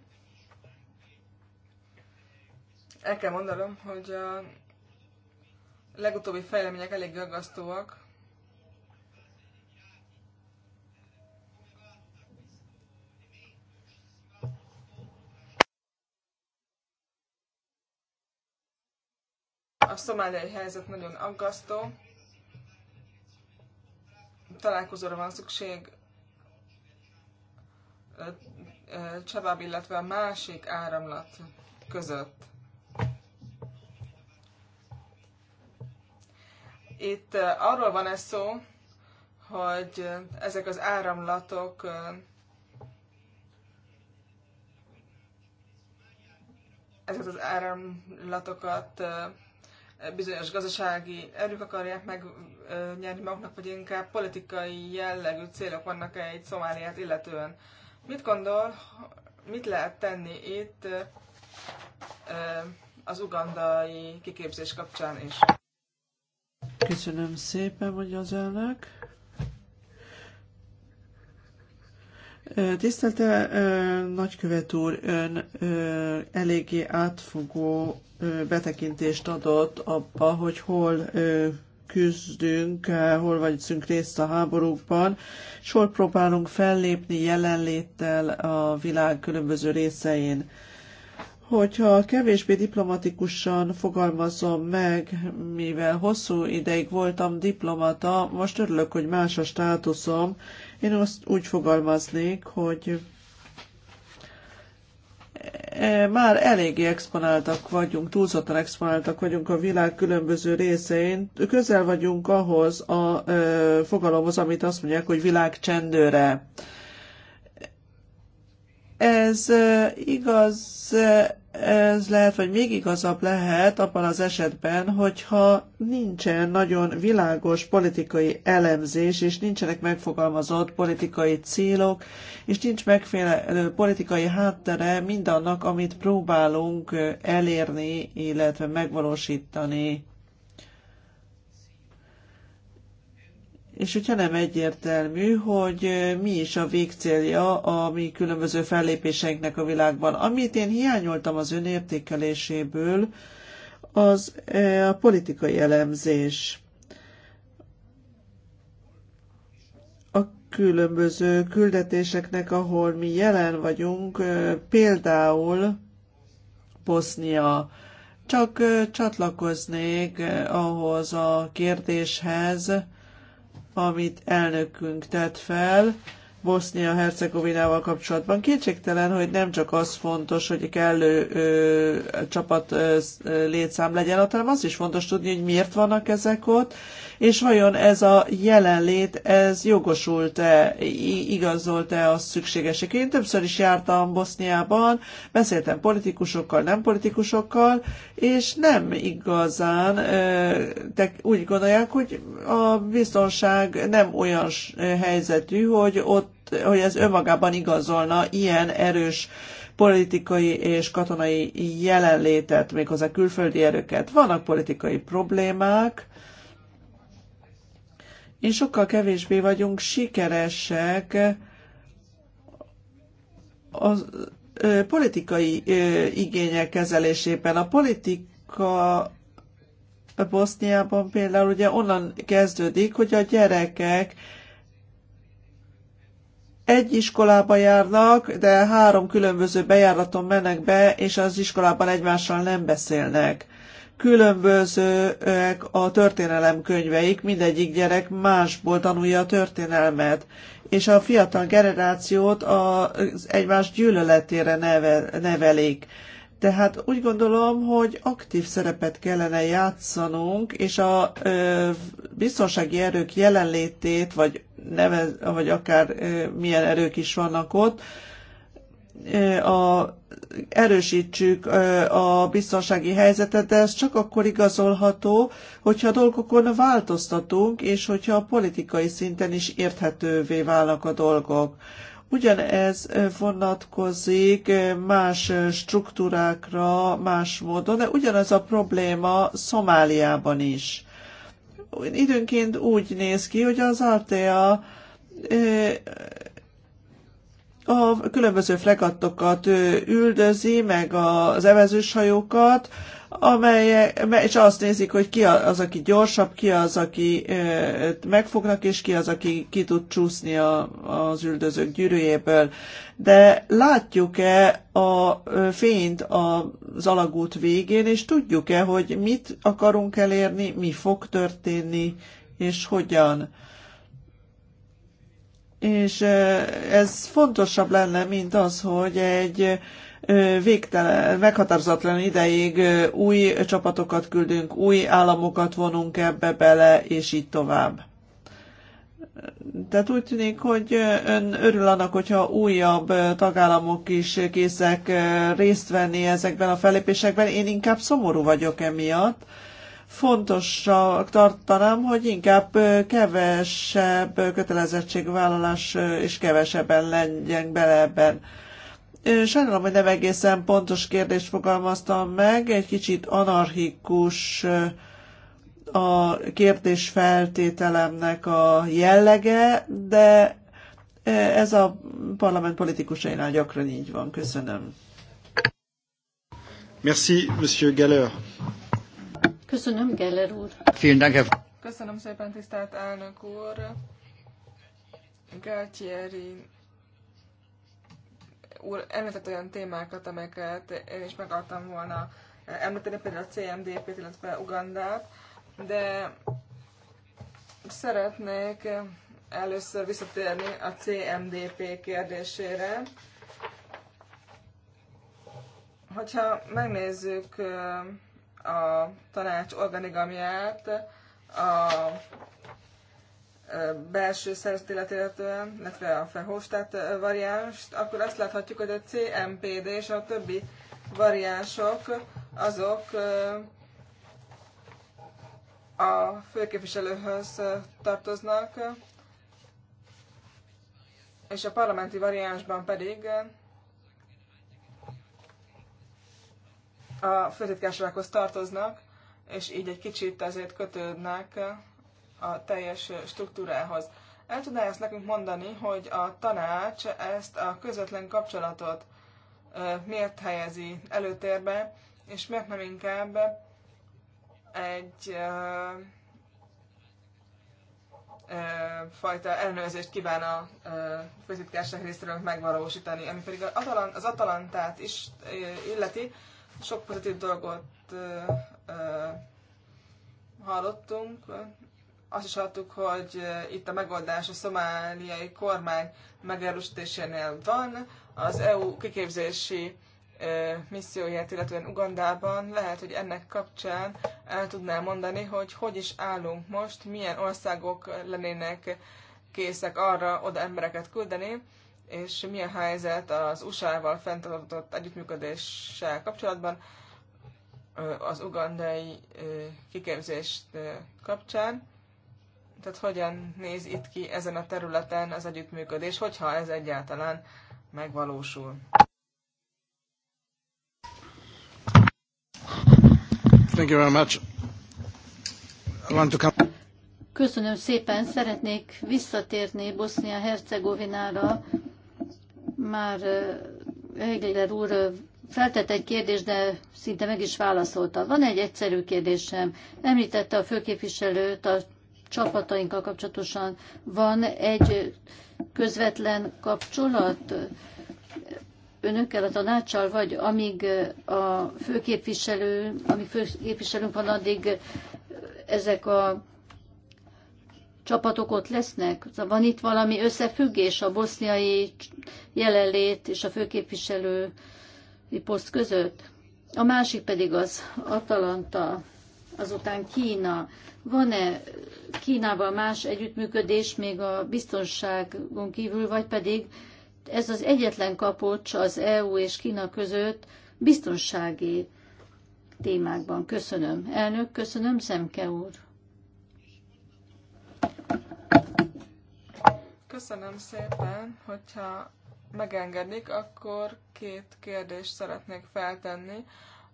el kell mondanom, hogy a legutóbbi fejlemények elég aggasztóak. A szomáliai helyzet nagyon aggasztó találkozóra van szükség Csebáb, illetve a másik áramlat között. Itt arról van ez szó, hogy ezek az áramlatok ezeket az áramlatokat bizonyos gazdasági erők akarják megnyerni maguknak, vagy inkább politikai jellegű célok vannak egy Szomáliát illetően. Mit gondol, mit lehet tenni itt az ugandai kiképzés kapcsán is? Köszönöm szépen, hogy az elnök. Tisztelt nagykövet úr, ön eléggé átfogó betekintést adott abba, hogy hol küzdünk, hol vagyunk részt a háborúkban, és hol próbálunk fellépni jelenléttel a világ különböző részein hogyha kevésbé diplomatikusan fogalmazom meg, mivel hosszú ideig voltam diplomata, most örülök, hogy más a státuszom. Én azt úgy fogalmaznék, hogy e, már eléggé exponáltak vagyunk, túlzottan exponáltak vagyunk a világ különböző részein. Közel vagyunk ahhoz a e, fogalomhoz, amit azt mondják, hogy világ csendőre. Ez igaz, ez lehet, vagy még igazabb lehet abban az esetben, hogyha nincsen nagyon világos politikai elemzés, és nincsenek megfogalmazott politikai célok, és nincs megfelelő politikai háttere mindannak, amit próbálunk elérni, illetve megvalósítani. És hogyha nem egyértelmű, hogy mi is a végcélja a mi különböző fellépéseinknek a világban. Amit én hiányoltam az önértékeléséből, az a politikai elemzés. A különböző küldetéseknek, ahol mi jelen vagyunk, például Bosznia. Csak csatlakoznék ahhoz a kérdéshez, amit elnökünk tett fel, Bosznia-Hercegovinával kapcsolatban. Kétségtelen, hogy nem csak az fontos, hogy kellő ö, csapat ö, létszám legyen, hanem az is fontos tudni, hogy miért vannak ezek ott, és vajon ez a jelenlét, ez jogosult-e, igazolt-e a szükségesek. Én többször is jártam Boszniában, beszéltem politikusokkal, nem politikusokkal, és nem igazán ö, te, úgy gondolják, hogy a biztonság nem olyan helyzetű, hogy ott hogy ez önmagában igazolna ilyen erős politikai és katonai jelenlétet, méghozzá külföldi erőket. Vannak politikai problémák, és sokkal kevésbé vagyunk sikeresek a politikai igények kezelésében. A politika Boszniában például ugye onnan kezdődik, hogy a gyerekek egy iskolába járnak, de három különböző bejáraton mennek be, és az iskolában egymással nem beszélnek. Különbözőek a történelem könyveik, mindegyik gyerek másból tanulja a történelmet, és a fiatal generációt az egymás gyűlöletére nevelik. Tehát úgy gondolom, hogy aktív szerepet kellene játszanunk, és a ö, biztonsági erők jelenlétét, vagy nevez, vagy akár milyen erők is vannak ott, a, erősítsük a biztonsági helyzetet, de ez csak akkor igazolható, hogyha a dolgokon változtatunk, és hogyha a politikai szinten is érthetővé válnak a dolgok. Ugyanez vonatkozik más struktúrákra, más módon, de ugyanaz a probléma Szomáliában is időnként úgy néz ki, hogy az Artea a különböző fregattokat üldözi, meg az hajókat amely, és azt nézik, hogy ki az, aki gyorsabb, ki az, aki megfognak, és ki az, aki ki tud csúszni a, az üldözők gyűrűjéből. De látjuk-e a fényt az alagút végén, és tudjuk-e, hogy mit akarunk elérni, mi fog történni, és hogyan? És ez fontosabb lenne, mint az, hogy egy végtelen, meghatározatlan ideig új csapatokat küldünk, új államokat vonunk ebbe bele, és így tovább. Tehát úgy tűnik, hogy ön örül annak, hogyha újabb tagállamok is készek részt venni ezekben a fellépésekben. Én inkább szomorú vagyok emiatt. Fontosnak tartanám, hogy inkább kevesebb kötelezettségvállalás és kevesebben legyen bele ebben. Sajnálom, hogy nem egészen pontos kérdést fogalmaztam meg, egy kicsit anarchikus a kérdés feltételemnek a jellege, de ez a parlament politikusainál gyakran így van. Köszönöm. Merci, Monsieur Geller. Köszönöm, Geller úr. Köszönöm szépen, tisztelt elnök úr. Galtieri úr említett olyan témákat, amelyeket én is meg akartam volna eh, említeni, például a CMDP-t, illetve Ugandát, de szeretnék eh, először visszatérni a CMDP kérdésére. Hogyha megnézzük eh, a tanács organigamját, a belső szervezet illetően, illetve a Verhofstadt variánst, akkor azt láthatjuk, hogy a CMPD és a többi variánsok azok a főképviselőhöz tartoznak, és a parlamenti variánsban pedig a főtitkársághoz tartoznak, és így egy kicsit azért kötődnek a teljes struktúrához. El tudná ezt nekünk mondani, hogy a tanács ezt a közvetlen kapcsolatot miért helyezi előtérbe, és miért nem inkább egy fajta ellenőrzést kíván a főtitkárság részéről megvalósítani, ami pedig az Atalantát is illeti. Sok pozitív dolgot hallottunk azt is hallottuk, hogy itt a megoldás a szomáliai kormány megerősítésénél van. Az EU kiképzési misszióját, illetően Ugandában. Lehet, hogy ennek kapcsán el tudnál mondani, hogy hogy is állunk most, milyen országok lennének készek arra oda embereket küldeni, és milyen helyzet az USA-val fenntartott együttműködéssel kapcsolatban az ugandai kiképzést kapcsán tehát hogyan néz itt ki ezen a területen az együttműködés, hogyha ez egyáltalán megvalósul? Thank you very much. I want to come... Köszönöm szépen, szeretnék visszatérni Bosznia-Hercegovinára. Már Egler úr feltett egy kérdést, de szinte meg is válaszolta. Van egy egyszerű kérdésem. Említette a főképviselőt, a csapatainkkal kapcsolatosan van egy közvetlen kapcsolat önökkel, a tanácssal, vagy amíg a főképviselő, amíg főképviselőnk van, addig ezek a csapatok ott lesznek? Szóval van itt valami összefüggés a boszniai jelenlét és a főképviselő poszt között? A másik pedig az Atalanta, azután Kína. Van-e Kínával más együttműködés még a biztonságon kívül, vagy pedig ez az egyetlen kapocs az EU és Kína között biztonsági témákban. Köszönöm. Elnök, köszönöm, Szemke úr. Köszönöm szépen, hogyha megengedik, akkor két kérdést szeretnék feltenni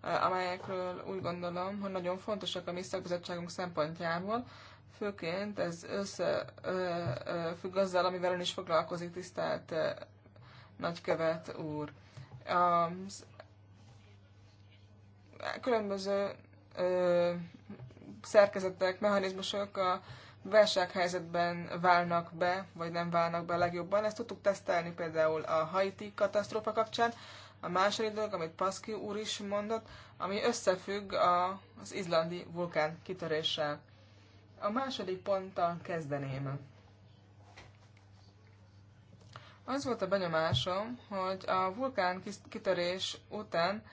Eh, amelyekről úgy gondolom, hogy nagyon fontosak a mi szakbizottságunk szempontjából, főként ez összefügg azzal, amivel ön is foglalkozik, tisztelt nagykövet úr. A különböző szerkezetek, mechanizmusok a válsághelyzetben válnak be, vagy nem válnak be legjobban. Ezt tudtuk tesztelni például a Haiti katasztrófa kapcsán, a második dolog, amit Paszki úr is mondott, ami összefügg a, az izlandi vulkán kitöréssel. A második ponttal kezdeném. Az volt a benyomásom, hogy a vulkán kitörés után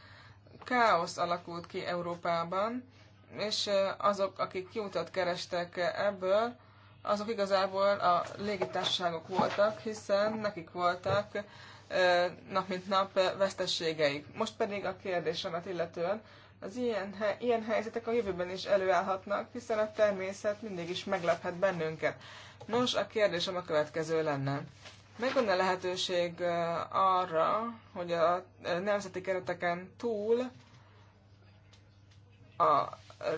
káosz alakult ki Európában, és azok, akik kiutat kerestek ebből, azok igazából a légitársaságok voltak, hiszen nekik voltak nap mint nap vesztességeik. Most pedig a kérdésemet illetően, az ilyen, ilyen helyzetek a jövőben is előállhatnak, hiszen a természet mindig is meglephet bennünket. Nos, a kérdésem a következő lenne. Megvan-e lehetőség arra, hogy a nemzeti kereteken túl a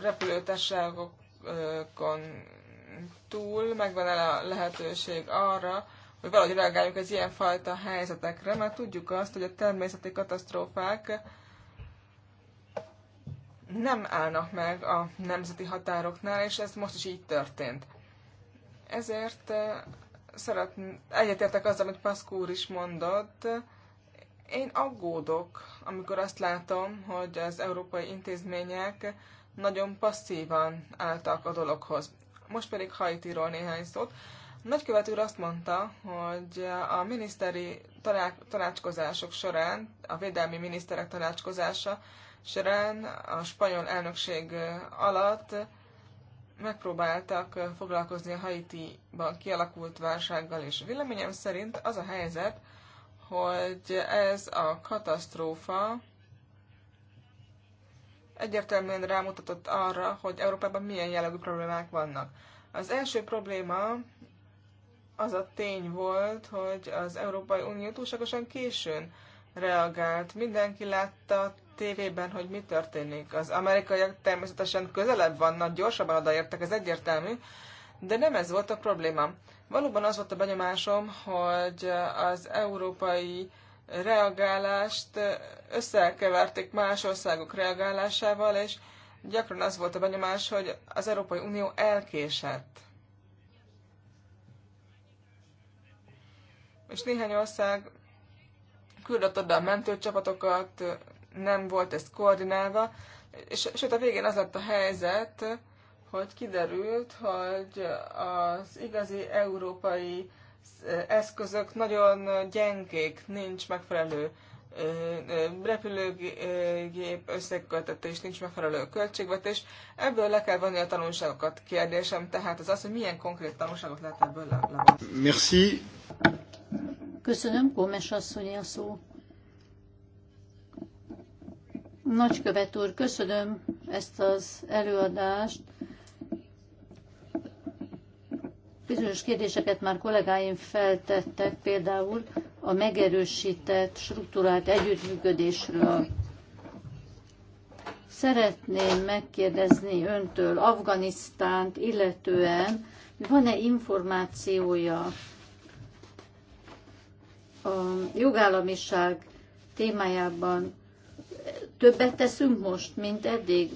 repülőtársaságokon túl megvan-e a lehetőség arra, hogy valahogy reagáljunk az ilyenfajta helyzetekre, mert tudjuk azt, hogy a természeti katasztrófák nem állnak meg a nemzeti határoknál, és ez most is így történt. Ezért eh, szeretn... egyetértek azzal, amit úr is mondott. Én aggódok, amikor azt látom, hogy az európai intézmények nagyon passzívan álltak a dologhoz. Most pedig Haitiról néhány szót nagykövet úr azt mondta, hogy a miniszteri tanácskozások során, a védelmi miniszterek tanácskozása során a spanyol elnökség alatt megpróbáltak foglalkozni a Haiti-ban kialakult válsággal, és véleményem szerint az a helyzet, hogy ez a katasztrófa egyértelműen rámutatott arra, hogy Európában milyen jellegű problémák vannak. Az első probléma az a tény volt, hogy az Európai Unió túlságosan későn reagált. Mindenki látta a tévében, hogy mi történik. Az amerikaiak természetesen közelebb vannak, gyorsabban odaértek, ez egyértelmű, de nem ez volt a probléma. Valóban az volt a benyomásom, hogy az európai reagálást összekeverték más országok reagálásával, és gyakran az volt a benyomás, hogy az Európai Unió elkésett. és néhány ország küldött oda a mentőcsapatokat, nem volt ez koordinálva, és sőt a végén az lett a helyzet, hogy kiderült, hogy az igazi európai e, eszközök nagyon gyengék, nincs megfelelő e, e, repülőgép összekötetés, nincs megfelelő költségvetés. Ebből le kell vonni a tanulságokat. Kérdésem tehát az az, hogy milyen konkrét tanulságot lehet ebből levonni. Merci. Köszönöm, Gómez asszony a szó. Nagykövet úr, köszönöm ezt az előadást. Bizonyos kérdéseket már kollégáim feltettek, például a megerősített, struktúrált együttműködésről. Szeretném megkérdezni öntől Afganisztánt illetően, van-e információja a jogállamiság témájában többet teszünk most, mint eddig?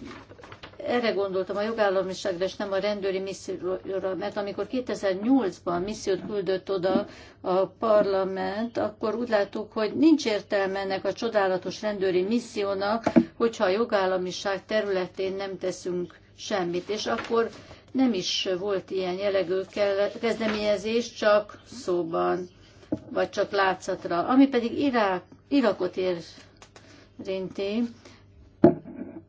Erre gondoltam a jogállamiságra, és nem a rendőri misszióra, mert amikor 2008-ban missziót küldött oda a parlament, akkor úgy láttuk, hogy nincs értelme ennek a csodálatos rendőri missziónak, hogyha a jogállamiság területén nem teszünk semmit. És akkor nem is volt ilyen jellegű kezdeményezés, csak szóban vagy csak látszatra. Ami pedig Irák, Irakot érinti,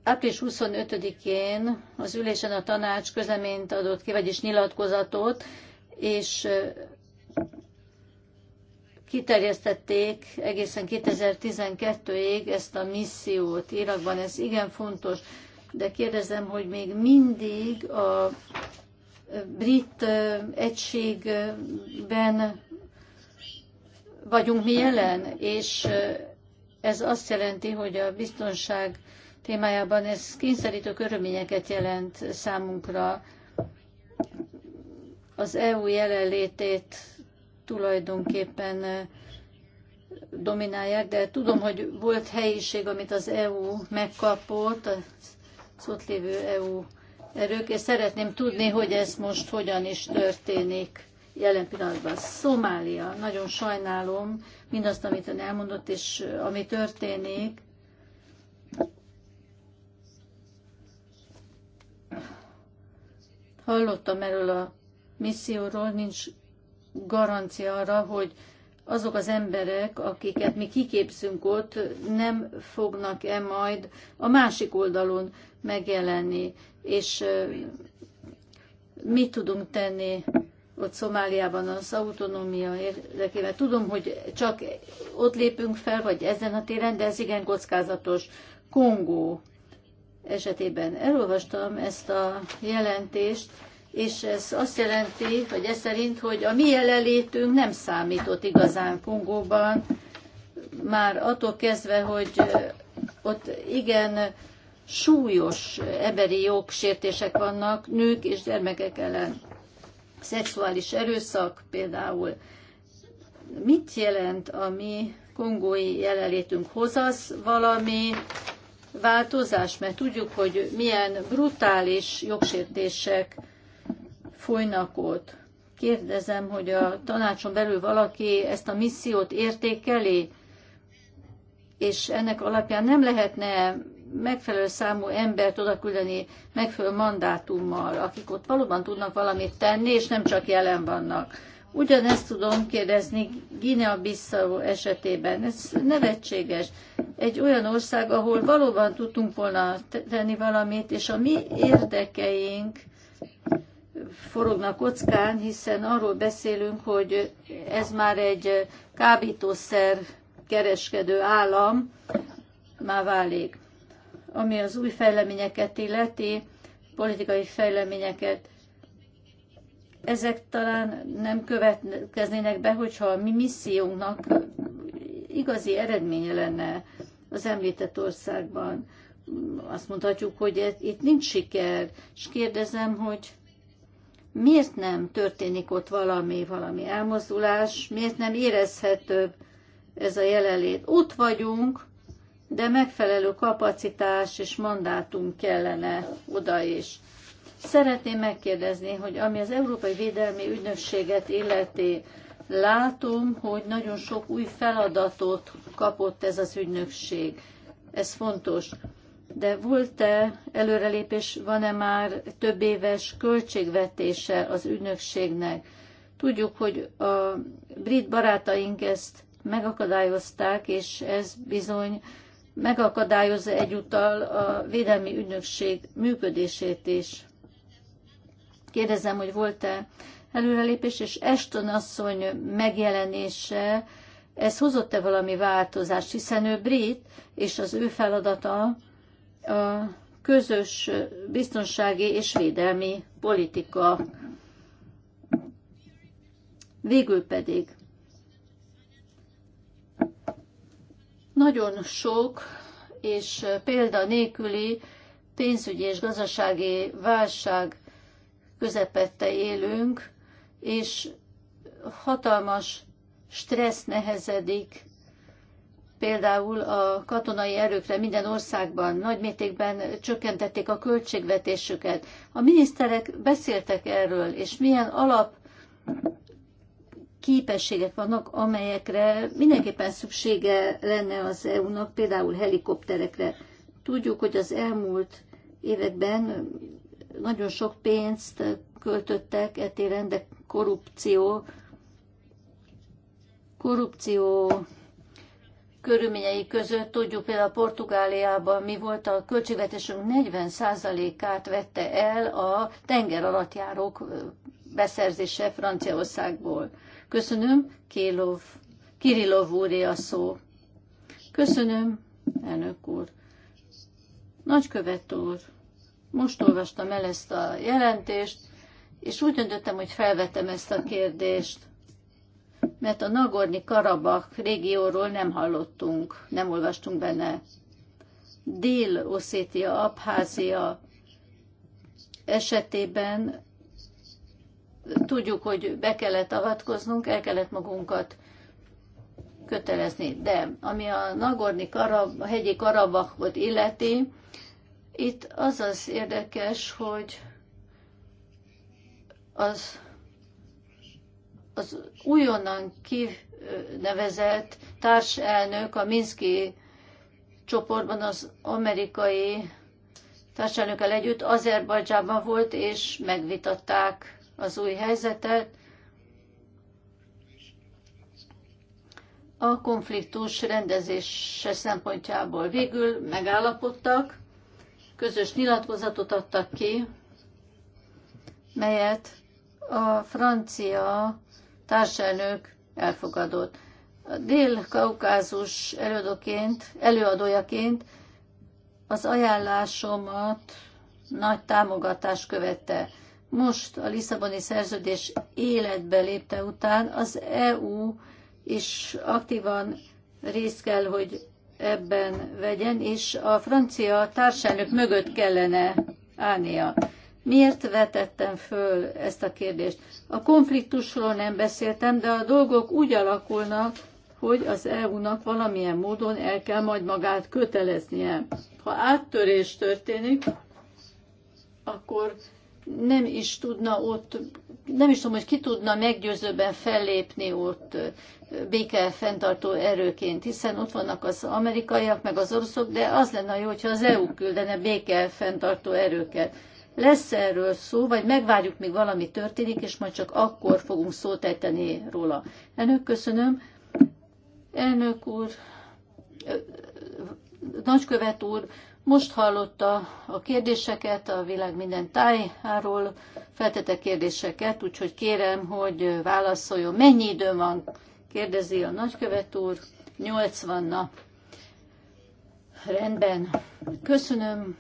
április 25-én az ülésen a tanács közleményt adott ki, vagyis nyilatkozatot, és kiterjesztették egészen 2012-ig ezt a missziót Irakban. Ez igen fontos, de kérdezem, hogy még mindig a brit egységben vagyunk mi jelen, és ez azt jelenti, hogy a biztonság témájában ez kényszerítő körülményeket jelent számunkra. Az EU jelenlétét tulajdonképpen dominálják, de tudom, hogy volt helyiség, amit az EU megkapott, az ott lévő EU erők, és szeretném tudni, hogy ez most hogyan is történik jelen pillanatban. Szomália, nagyon sajnálom mindazt, amit ön elmondott, és eh, ami történik. Hallottam erről a misszióról, nincs garancia arra, hogy azok az emberek, akiket mi kiképzünk ott, nem fognak-e majd a másik oldalon megjelenni, és eh, mit tudunk tenni ott Szomáliában az autonómia érdekében. Tudom, hogy csak ott lépünk fel, vagy ezen a téren, de ez igen kockázatos. Kongó esetében elolvastam ezt a jelentést, és ez azt jelenti, hogy ez szerint, hogy a mi jelenlétünk nem számított igazán Kongóban, már attól kezdve, hogy ott igen súlyos emberi jogsértések vannak nők és gyermekek ellen szexuális erőszak például. Mit jelent a mi kongói jelenlétünk? Hoz valami változás? Mert tudjuk, hogy milyen brutális jogsértések folynak ott. Kérdezem, hogy a tanácson belül valaki ezt a missziót értékeli, és ennek alapján nem lehetne megfelelő számú embert oda küldeni megfelelő mandátummal, akik ott valóban tudnak valamit tenni, és nem csak jelen vannak. Ugyanezt tudom kérdezni Guinea-Bissau esetében. Ez nevetséges. Egy olyan ország, ahol valóban tudtunk volna tenni valamit, és a mi érdekeink forognak kockán, hiszen arról beszélünk, hogy ez már egy kábítószer kereskedő állam, már válik ami az új fejleményeket illeti, politikai fejleményeket. Ezek talán nem következnének be, hogyha a mi missziónknak igazi eredménye lenne az említett országban. Azt mondhatjuk, hogy e- itt nincs siker, és kérdezem, hogy miért nem történik ott valami, valami elmozdulás, miért nem érezhetőbb ez a jelenlét. Ott vagyunk, de megfelelő kapacitás és mandátum kellene oda is. Szeretném megkérdezni, hogy ami az Európai Védelmi Ügynökséget illeti, látom, hogy nagyon sok új feladatot kapott ez az ügynökség. Ez fontos. De volt-e előrelépés, van-e már több éves költségvetése az ügynökségnek? Tudjuk, hogy a brit barátaink ezt megakadályozták, és ez bizony megakadályozza egyúttal a védelmi ügynökség működését is. Kérdezem, hogy volt-e előrelépés, és Eston asszony megjelenése, ez hozott-e valami változást, hiszen ő brit, és az ő feladata a közös biztonsági és védelmi politika. Végül pedig Nagyon sok és példa nélküli pénzügyi és gazdasági válság közepette élünk, és hatalmas stressz nehezedik például a katonai erőkre minden országban nagymértékben csökkentették a költségvetésüket. A miniszterek beszéltek erről, és milyen alap képességek vannak, amelyekre mindenképpen szüksége lenne az EU-nak, például helikopterekre. Tudjuk, hogy az elmúlt években nagyon sok pénzt költöttek etéren, de korrupció, korrupció körülményei között tudjuk például a Portugáliában mi volt a költségvetésünk 40%-át vette el a tenger alattjárók beszerzése Franciaországból. Köszönöm, Kélov, Kirilov úré a szó. Köszönöm, elnök úr. Nagykövet úr, most olvastam el ezt a jelentést, és úgy döntöttem, hogy felvetem ezt a kérdést, mert a Nagorni Karabak régióról nem hallottunk, nem olvastunk benne. Dél-Oszétia, Abházia esetében tudjuk, hogy be kellett avatkoznunk, el kellett magunkat kötelezni. De ami a Nagorni Karab, a hegyi Karabakot illeti, itt az az érdekes, hogy az, az újonnan kinevezett társelnök a Minszki csoportban az amerikai társelnökkel együtt Azerbajdzsában volt, és megvitatták az új helyzetet. A konfliktus rendezése szempontjából végül megállapodtak, közös nyilatkozatot adtak ki, melyet a francia társelnök elfogadott. A Dél-Kaukázus előadóként, előadójaként az ajánlásomat nagy támogatás követte. Most a Lisszaboni szerződés életbe lépte után az EU is aktívan részt kell, hogy ebben vegyen, és a francia társelnök mögött kellene állnia. Miért vetettem föl ezt a kérdést? A konfliktusról nem beszéltem, de a dolgok úgy alakulnak, hogy az EU-nak valamilyen módon el kell majd magát köteleznie. Ha áttörés történik, akkor nem is tudna ott, nem is tudom, hogy ki tudna meggyőzőben fellépni ott béke fenntartó erőként, hiszen ott vannak az amerikaiak, meg az oroszok, de az lenne jó, hogyha az EU küldene béke fenntartó erőket. Lesz erről szó, vagy megvárjuk, míg valami történik, és majd csak akkor fogunk szót ejteni róla. Elnök, köszönöm. Elnök úr, nagykövet úr, most hallotta a kérdéseket, a világ minden tájáról feltette kérdéseket, úgyhogy kérem, hogy válaszoljon. Mennyi idő van? Kérdezi a nagykövet úr. 80 nap. Rendben. Köszönöm,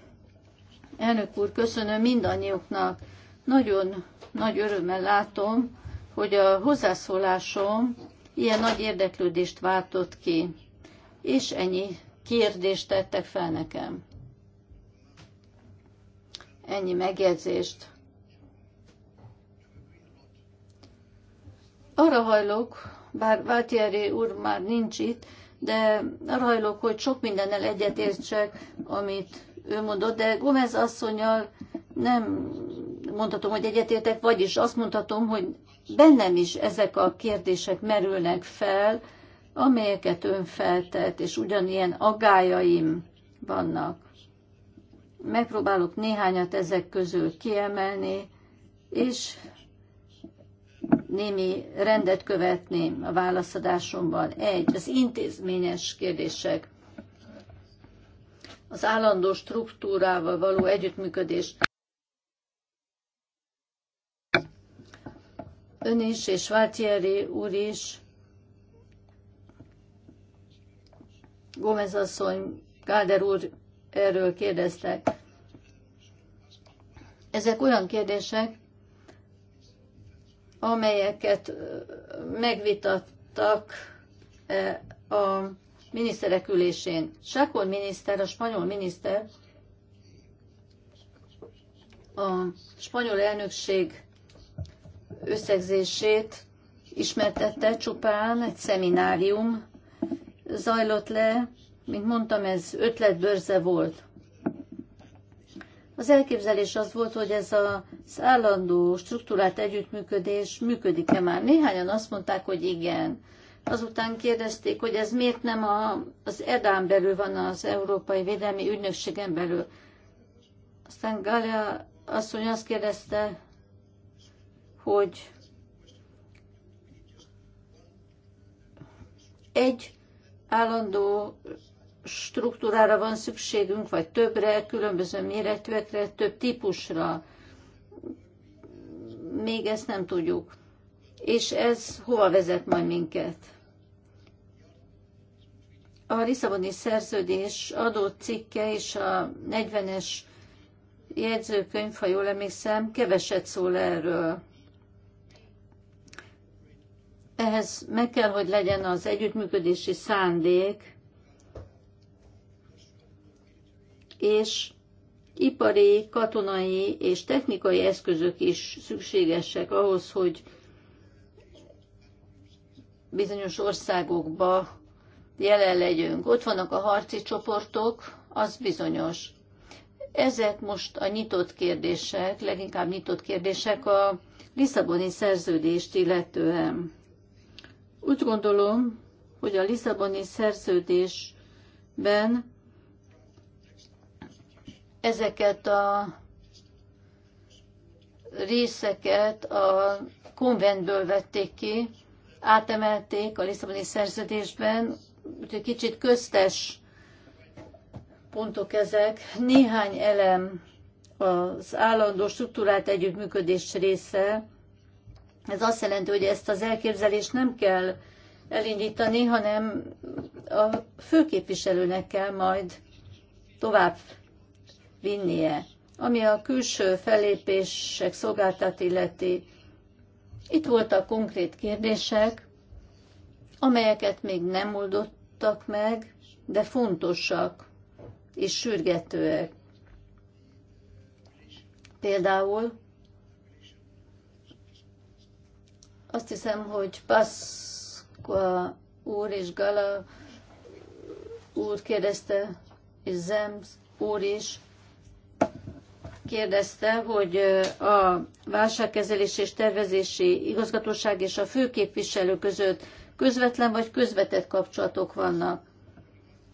elnök úr, köszönöm mindannyiuknak. Nagyon nagy örömmel látom, hogy a hozzászólásom ilyen nagy érdeklődést váltott ki, és ennyi kérdést tettek fel nekem ennyi megjegyzést. Arra hajlok, bár Váltieri úr már nincs itt, de arra hajlok, hogy sok mindennel egyetértsek, amit ő mondott, de Gomez asszonyal nem mondhatom, hogy egyetértek, vagyis azt mondhatom, hogy bennem is ezek a kérdések merülnek fel, amelyeket ön feltett, és ugyanilyen agájaim vannak megpróbálok néhányat ezek közül kiemelni, és némi rendet követni a válaszadásomban. Egy, az intézményes kérdések. Az állandó struktúrával való együttműködés. Ön is és Váltieri úr is, Gómez asszony, Gáder úr erről kérdeztek. Ezek olyan kérdések, amelyeket megvitattak a miniszterek ülésén. Sákon miniszter, a spanyol miniszter, a spanyol elnökség összegzését ismertette csupán, egy szeminárium zajlott le, mint mondtam, ez ötletbörze volt. Az elképzelés az volt, hogy ez az állandó struktúrát együttműködés működik-e már. Néhányan azt mondták, hogy igen. Azután kérdezték, hogy ez miért nem a, az EDÁN belül van az Európai Védelmi Ügynökségen belül. Aztán Galia asszony azt kérdezte, hogy egy állandó struktúrára van szükségünk, vagy többre, különböző méretűekre, több típusra. Még ezt nem tudjuk. És ez hova vezet majd minket? A Lisszaboni szerződés adott cikke és a 40-es jegyzőkönyv, ha jól emlékszem, keveset szól erről. Ehhez meg kell, hogy legyen az együttműködési szándék, és ipari, katonai és technikai eszközök is szükségesek ahhoz, hogy bizonyos országokba jelen legyünk. Ott vannak a harci csoportok, az bizonyos. Ezek most a nyitott kérdések, leginkább nyitott kérdések a Lisszaboni szerződést illetően. Úgy gondolom, hogy a Lisszaboni szerződésben ezeket a részeket a konventből vették ki, átemelték a Lisszaboni szerződésben, úgyhogy kicsit köztes pontok ezek. Néhány elem az állandó struktúrát együttműködés része. Ez azt jelenti, hogy ezt az elképzelést nem kell elindítani, hanem a főképviselőnek kell majd tovább vinnie. Ami a külső fellépések szolgáltat illeti, itt voltak konkrét kérdések, amelyeket még nem oldottak meg, de fontosak és sürgetőek. Például azt hiszem, hogy Pasqua úr és Gala úr kérdezte, és Zemz úr is, kérdezte, hogy a válságkezelés és tervezési igazgatóság és a főképviselő között közvetlen vagy közvetett kapcsolatok vannak.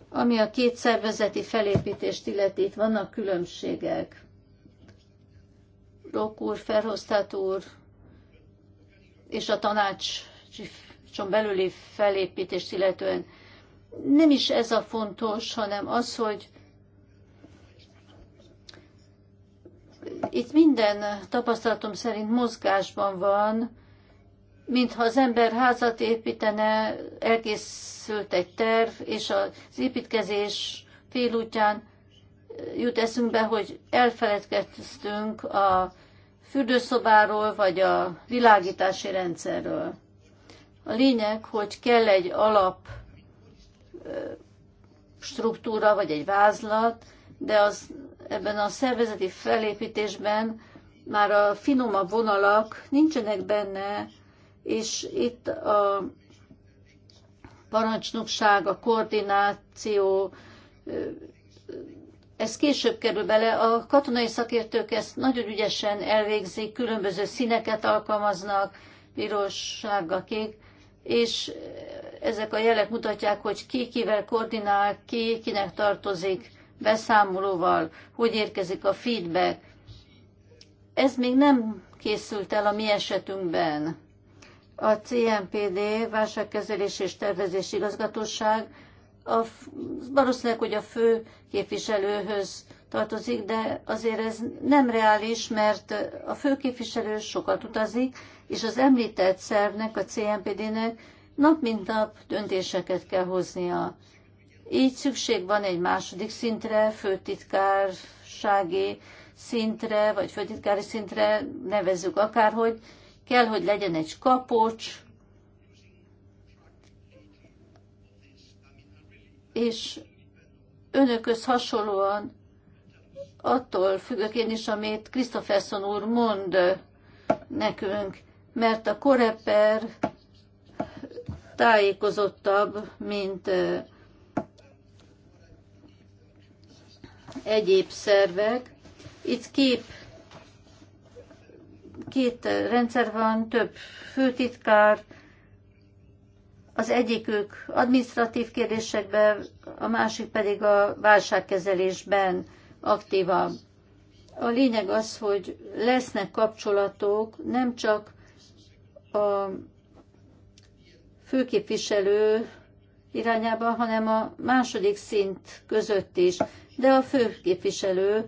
Ami a két szervezeti felépítést illeti, itt vannak különbségek. Rok úr, Ferhoztát úr és a tanácson belüli felépítést illetően nem is ez a fontos, hanem az, hogy itt minden tapasztalatom szerint mozgásban van, mintha az ember házat építene, elkészült egy terv, és az építkezés félútján jut eszünkbe, hogy elfeledkeztünk a fürdőszobáról, vagy a világítási rendszerről. A lényeg, hogy kell egy alap struktúra, vagy egy vázlat, de az ebben a szervezeti felépítésben már a finomabb vonalak nincsenek benne, és itt a parancsnokság, a koordináció, ez később kerül bele. A katonai szakértők ezt nagyon ügyesen elvégzik, különböző színeket alkalmaznak, piros, sárga, kék, és ezek a jelek mutatják, hogy ki kivel koordinál, ki kinek tartozik beszámolóval, hogy érkezik a feedback. Ez még nem készült el a mi esetünkben. A CMPD, Válságkezelés és Tervezés Igazgatóság, a, valószínűleg, hogy a fő képviselőhöz tartozik, de azért ez nem reális, mert a főképviselő sokat utazik, és az említett szervnek, a CMPD-nek nap mint nap döntéseket kell hoznia. Így szükség van egy második szintre, főtitkársági szintre, vagy főtitkári szintre, nevezzük akárhogy, kell, hogy legyen egy kapocs, és önökhöz hasonlóan attól függök én is, amit Krisztofferson úr mond nekünk, mert a koreper tájékozottabb, mint egyéb szervek. Itt kép két rendszer van, több főtitkár, az egyikük administratív kérdésekben, a másik pedig a válságkezelésben aktívabb. A lényeg az, hogy lesznek kapcsolatok nem csak a főképviselő irányába, hanem a második szint között is. De a főképviselő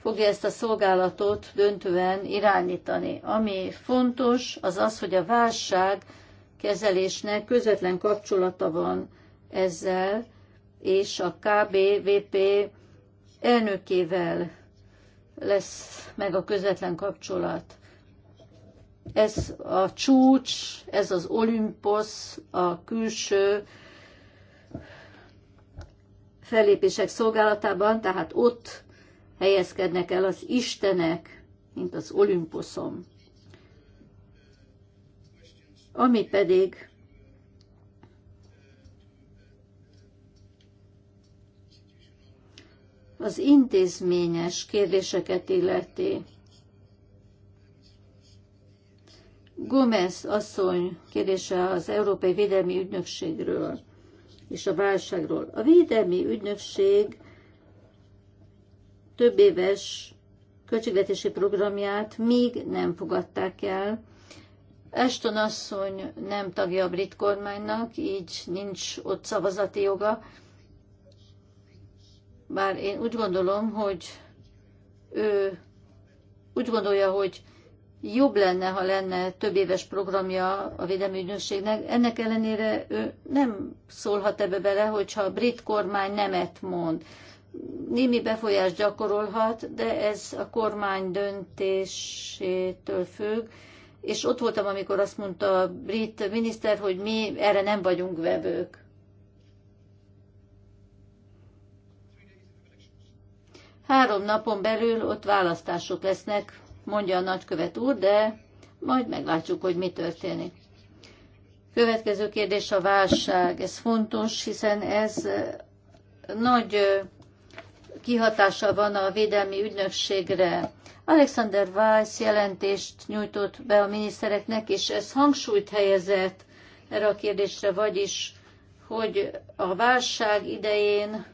fogja ezt a szolgálatot döntően irányítani. Ami fontos, az az, hogy a válság kezelésnek közvetlen kapcsolata van ezzel, és a KBVP elnökével lesz meg a közvetlen kapcsolat. Ez a csúcs, ez az olimposz, a külső fellépések szolgálatában, tehát ott helyezkednek el az istenek, mint az Olimposzom. Ami pedig az intézményes kérdéseket illeti. Gomez asszony kérdése az Európai Védelmi Ügynökségről és a válságról. A védelmi ügynökség több éves költségvetési programját még nem fogadták el. Eston asszony nem tagja a brit kormánynak, így nincs ott szavazati joga. Bár én úgy gondolom, hogy ő úgy gondolja, hogy jobb lenne, ha lenne több éves programja a védelmi ügynökségnek. Ennek ellenére ő nem szólhat ebbe bele, hogyha a brit kormány nemet mond. Némi befolyást gyakorolhat, de ez a kormány döntésétől függ. És ott voltam, amikor azt mondta a brit miniszter, hogy mi erre nem vagyunk vevők. Három napon belül ott választások lesznek mondja a nagykövet úr, de majd meglátjuk, hogy mi történik. Következő kérdés a válság. Ez fontos, hiszen ez nagy kihatása van a védelmi ügynökségre. Alexander Weiss jelentést nyújtott be a minisztereknek, és ez hangsúlyt helyezett erre a kérdésre, vagyis, hogy a válság idején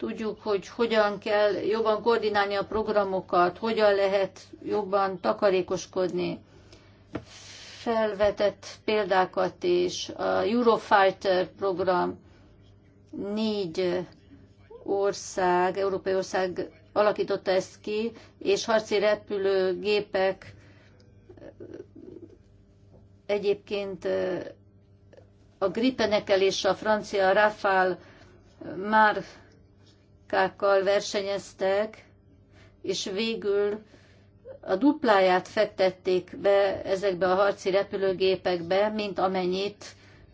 tudjuk, hogy hogyan kell jobban koordinálni a programokat, hogyan lehet jobban takarékoskodni. Felvetett példákat is. A Eurofighter program négy ország, európai ország alakította ezt ki, és harci repülőgépek egyébként eh, a Gripenekkel és a francia Rafale már márkákkal versenyeztek, és végül a dupláját fektették be ezekbe a harci repülőgépekbe, mint amennyit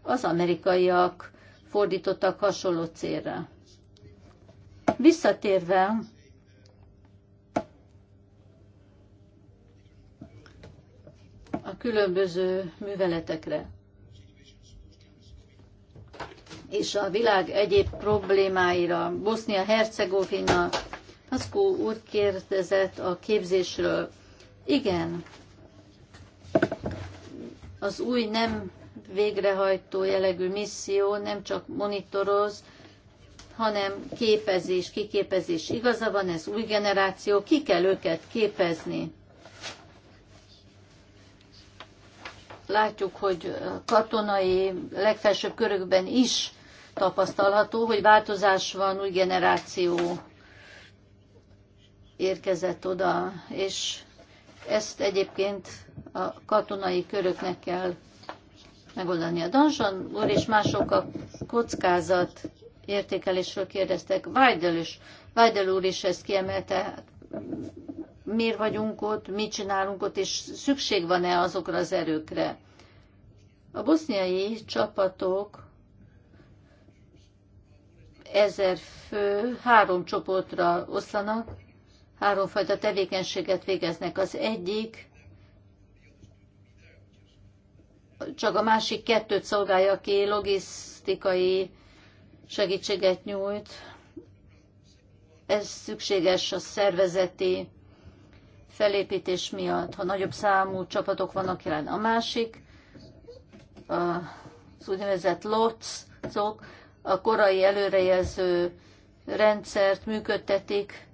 az amerikaiak fordítottak hasonló célra. Visszatérve a különböző műveletekre és a világ egyéb problémáira. Bosznia-Hercegovina, Haszkó úr kérdezett a képzésről. Igen, az új nem végrehajtó jellegű misszió nem csak monitoroz, hanem képezés, kiképezés. Igaza van, ez új generáció, ki kell őket képezni. Látjuk, hogy katonai legfelsőbb körökben is tapasztalható, hogy változás van, új generáció érkezett oda, és ezt egyébként a katonai köröknek kell megoldani. A Danzsan úr és mások a kockázat értékelésről kérdeztek. Weidel, is, Weidel úr is ezt kiemelte, miért vagyunk ott, mit csinálunk ott, és szükség van-e azokra az erőkre. A boszniai csapatok ezer fő három csoportra oszlanak, háromfajta tevékenységet végeznek. Az egyik csak a másik kettőt szolgálja, ki, logisztikai segítséget nyújt. Ez szükséges a szervezeti felépítés miatt, ha nagyobb számú csapatok vannak jelen. A másik, az úgynevezett lotcok, a korai előrejelző rendszert működtetik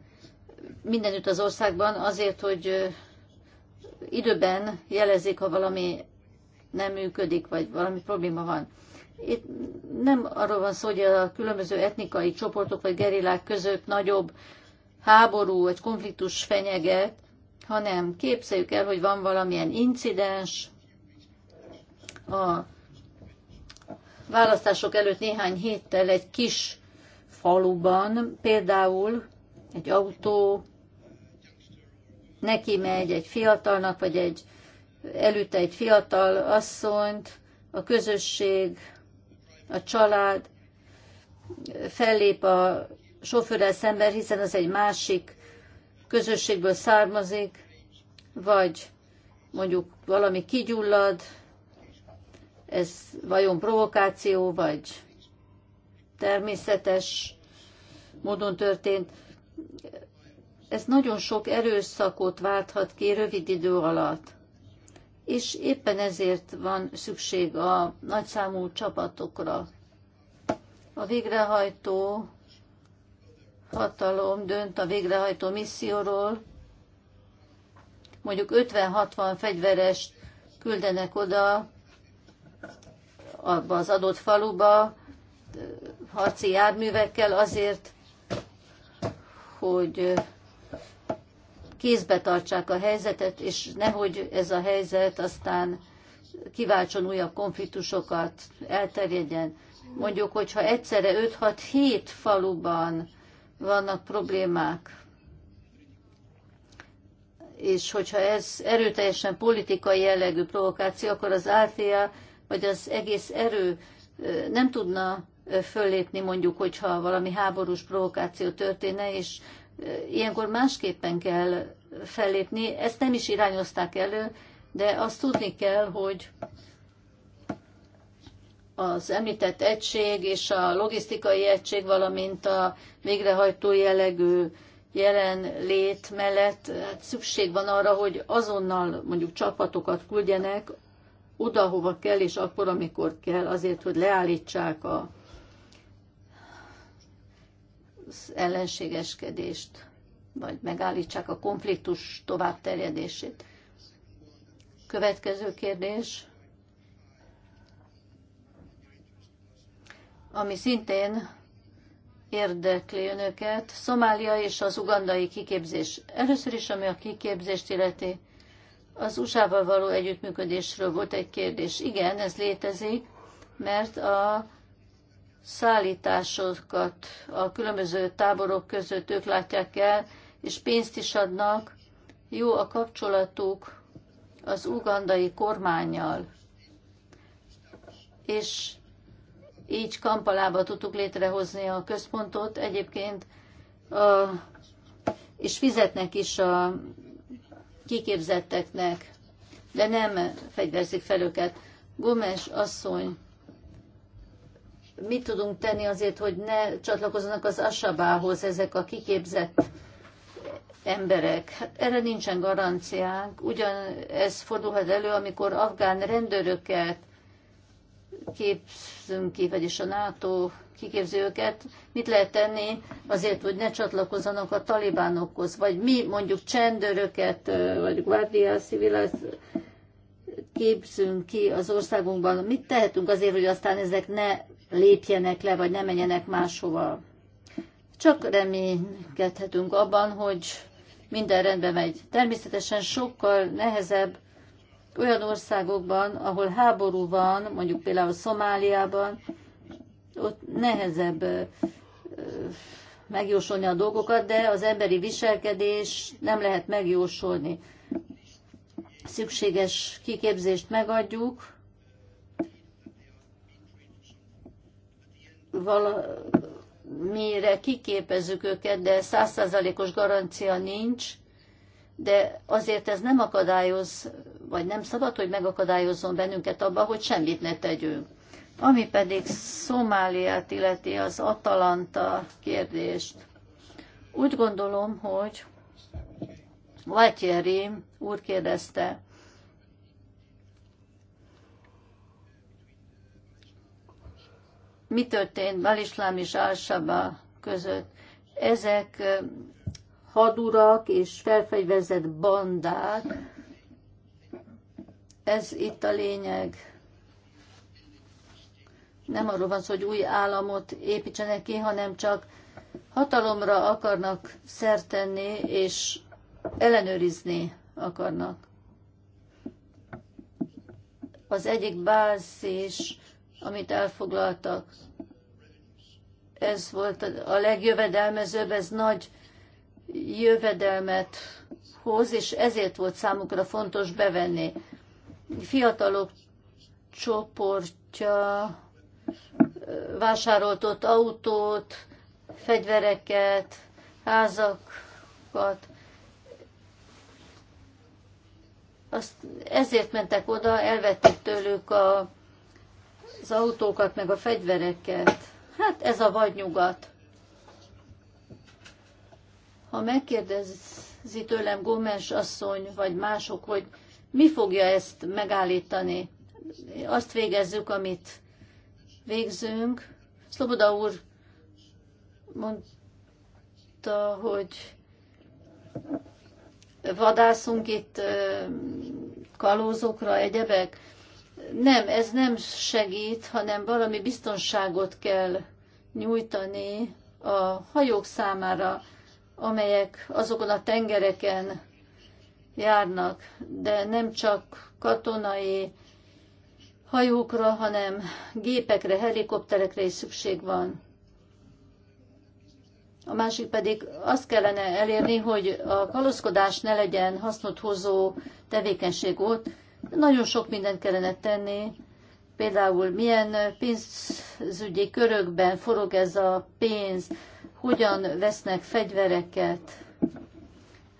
mindenütt az országban azért, hogy időben jelezik, ha valami nem működik, vagy valami probléma van. Itt nem arról van szó, hogy a különböző etnikai csoportok vagy gerillák között nagyobb háború vagy konfliktus fenyeget, hanem képzeljük el, hogy van valamilyen incidens a választások előtt néhány héttel egy kis faluban, például egy autó neki megy egy fiatalnak, vagy egy előtte egy fiatal asszonyt, a közösség, a család fellép a sofőrrel szemben, hiszen az egy másik közösségből származik, vagy mondjuk valami kigyullad, ez vajon provokáció, vagy természetes módon történt. Ez nagyon sok erőszakot válthat ki rövid idő alatt. És éppen ezért van szükség a nagyszámú csapatokra. A végrehajtó hatalom dönt a végrehajtó misszióról, mondjuk 50-60 fegyverest küldenek oda abba az adott faluba harci járművekkel azért, hogy kézbe tartsák a helyzetet, és nehogy ez a helyzet aztán kiváltson újabb konfliktusokat, elterjedjen. Mondjuk, hogyha egyszerre 5-6-7 faluban vannak problémák, és hogyha ez erőteljesen politikai jellegű provokáció, akkor az RTA vagy az egész erő nem tudna föllépni, mondjuk, hogyha valami háborús provokáció történne, és ilyenkor másképpen kell fellépni. Ezt nem is irányozták elő, de azt tudni kell, hogy az említett egység és a logisztikai egység, valamint a végrehajtó jellegű jelenlét mellett hát szükség van arra, hogy azonnal mondjuk csapatokat küldjenek oda, hova kell, és akkor, amikor kell, azért, hogy leállítsák a, az ellenségeskedést, vagy megállítsák a konfliktus továbbterjedését. Következő kérdés, ami szintén érdekli önöket, Szomália és az ugandai kiképzés. Először is, ami a kiképzést illeti, az USA-val való együttműködésről volt egy kérdés. Igen, ez létezik, mert a szállításokat a különböző táborok között ők látják el, és pénzt is adnak. Jó a kapcsolatuk az ugandai kormányjal. És így Kampalába tudtuk létrehozni a központot. Egyébként a, és fizetnek is a kiképzetteknek, de nem fegyverzik fel őket. Gomes asszony, mit tudunk tenni azért, hogy ne csatlakozzanak az asabához ezek a kiképzett emberek. Hát erre nincsen garanciánk. Ugyan ez fordulhat elő, amikor afgán rendőröket képzünk ki, vagyis a NATO kiképzi őket, mit lehet tenni azért, hogy ne csatlakozzanak a talibánokhoz, vagy mi mondjuk csendőröket, vagy guardia civilát képzünk ki az országunkban, mit tehetünk azért, hogy aztán ezek ne lépjenek le, vagy ne menjenek máshova. Csak reménykedhetünk abban, hogy minden rendben megy. Természetesen sokkal nehezebb olyan országokban, ahol háború van, mondjuk például Szomáliában, ott nehezebb megjósolni a dolgokat, de az emberi viselkedés nem lehet megjósolni. Szükséges kiképzést megadjuk, valamire kiképezzük őket, de százszázalékos garancia nincs, de azért ez nem akadályoz, vagy nem szabad, hogy megakadályozzon bennünket abban, hogy semmit ne tegyünk ami pedig Szomáliát illeti az Atalanta kérdést, úgy gondolom, hogy Vatyeri úr kérdezte, mi történt Balislám és Álsaba között. Ezek hadurak és felfegyverzett bandák, ez itt a lényeg. Nem arról van szó, hogy új államot építsenek ki, hanem csak hatalomra akarnak szertenni, és ellenőrizni akarnak. Az egyik bázis, amit elfoglaltak, ez volt a legjövedelmezőbb, ez nagy jövedelmet hoz, és ezért volt számukra fontos bevenni. Fiatalok csoportja vásárolt ott autót, fegyvereket, házakat. Azt, ezért mentek oda, elvették tőlük a, az autókat, meg a fegyvereket. Hát ez a vadnyugat. Ha megkérdezi tőlem Gómez asszony, vagy mások, hogy mi fogja ezt megállítani, azt végezzük, amit végzünk. Szloboda úr mondta, hogy vadászunk itt kalózokra, egyebek. Nem, ez nem segít, hanem valami biztonságot kell nyújtani a hajók számára, amelyek azokon a tengereken járnak, de nem csak katonai hajókra, hanem gépekre, helikopterekre is szükség van. A másik pedig azt kellene elérni, hogy a kalózkodás ne legyen hasznot hozó tevékenység ott. Nagyon sok mindent kellene tenni, például milyen pénzügyi körökben forog ez a pénz, hogyan vesznek fegyvereket.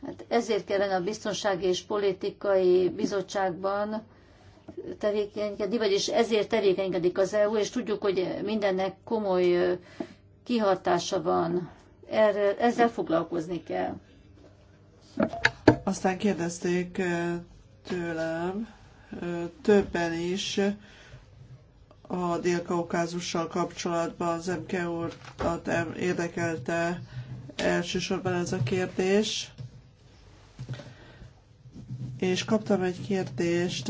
Hát ezért kellene a Biztonsági és Politikai Bizottságban tevékenykedni, vagyis ezért tevékenykedik az EU, és tudjuk, hogy mindennek komoly kihatása van. Erre, ezzel foglalkozni kell. Aztán kérdezték tőlem többen is a Dél-Kaukázussal kapcsolatban az MK úrat érdekelte elsősorban ez a kérdés. És kaptam egy kérdést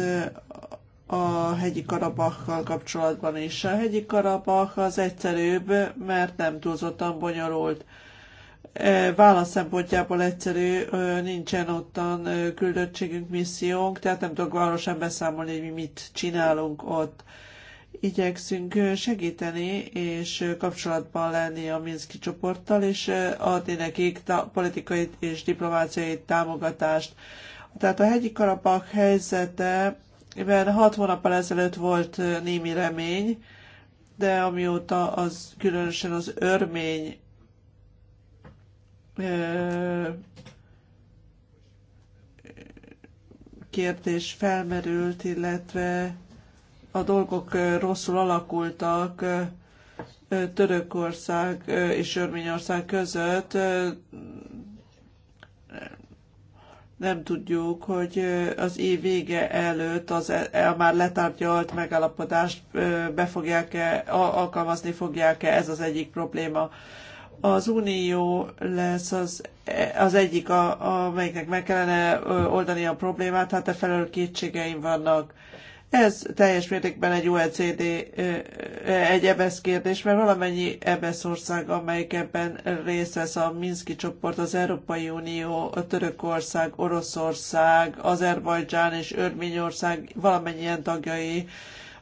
a hegyi karabakkal kapcsolatban is. A hegyi karabak az egyszerűbb, mert nem túlzottan bonyolult. E, válasz szempontjából egyszerű, nincsen ottan küldöttségünk, missziónk, tehát nem tudok valósan beszámolni, hogy mi mit csinálunk ott. Igyekszünk segíteni és kapcsolatban lenni a Minszki csoporttal, és adni nekik politikai és diplomáciai támogatást. Tehát a hegyi karabak helyzete mivel hat hónappal ezelőtt volt némi remény, de amióta az különösen az örmény kérdés felmerült, illetve a dolgok rosszul alakultak Törökország és Örményország között nem tudjuk, hogy az év vége előtt az a e, e, már letárgyalt megállapodást be fogják-e, alkalmazni fogják-e, ez az egyik probléma. Az Unió lesz az, e, az egyik, a, amelyiknek meg kellene oldani a problémát, hát e felől kétségeim vannak ez teljes mértékben egy OECD, egy EBSZ e kérdés, mert valamennyi EBSZ e ország, amelyik ebben részt vesz a Minszki csoport, az Európai Unió, a Törökország, Oroszország, Azerbajdzsán és Örményország valamennyien tagjai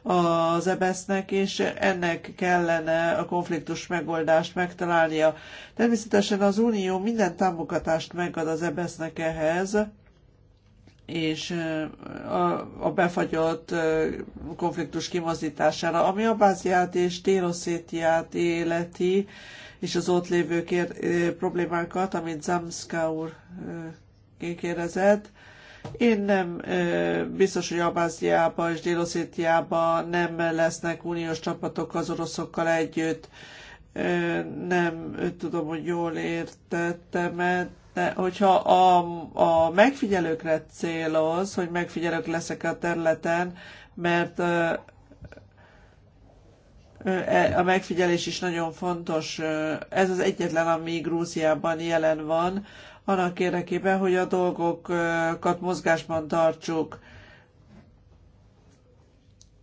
az EBSZ-nek, e és ennek kellene a konfliktus megoldást megtalálnia. Természetesen az Unió minden támogatást megad az EBSZ-nek ehhez, és a befagyott konfliktus kimozdítására, ami Báziát és Téloszétiát életi, és az ott lévő kér, problémákat, amit Zamska úr kérdezett. Én nem biztos, hogy Abáziában és Déloszétiában nem lesznek uniós csapatok az oroszokkal együtt. Nem tudom, hogy jól értettem hogyha a, a megfigyelőkre céloz, hogy megfigyelők leszek a területen, mert e, a megfigyelés is nagyon fontos. Ez az egyetlen, ami Grúziában jelen van, annak érdekében, hogy a dolgokat mozgásban tartsuk.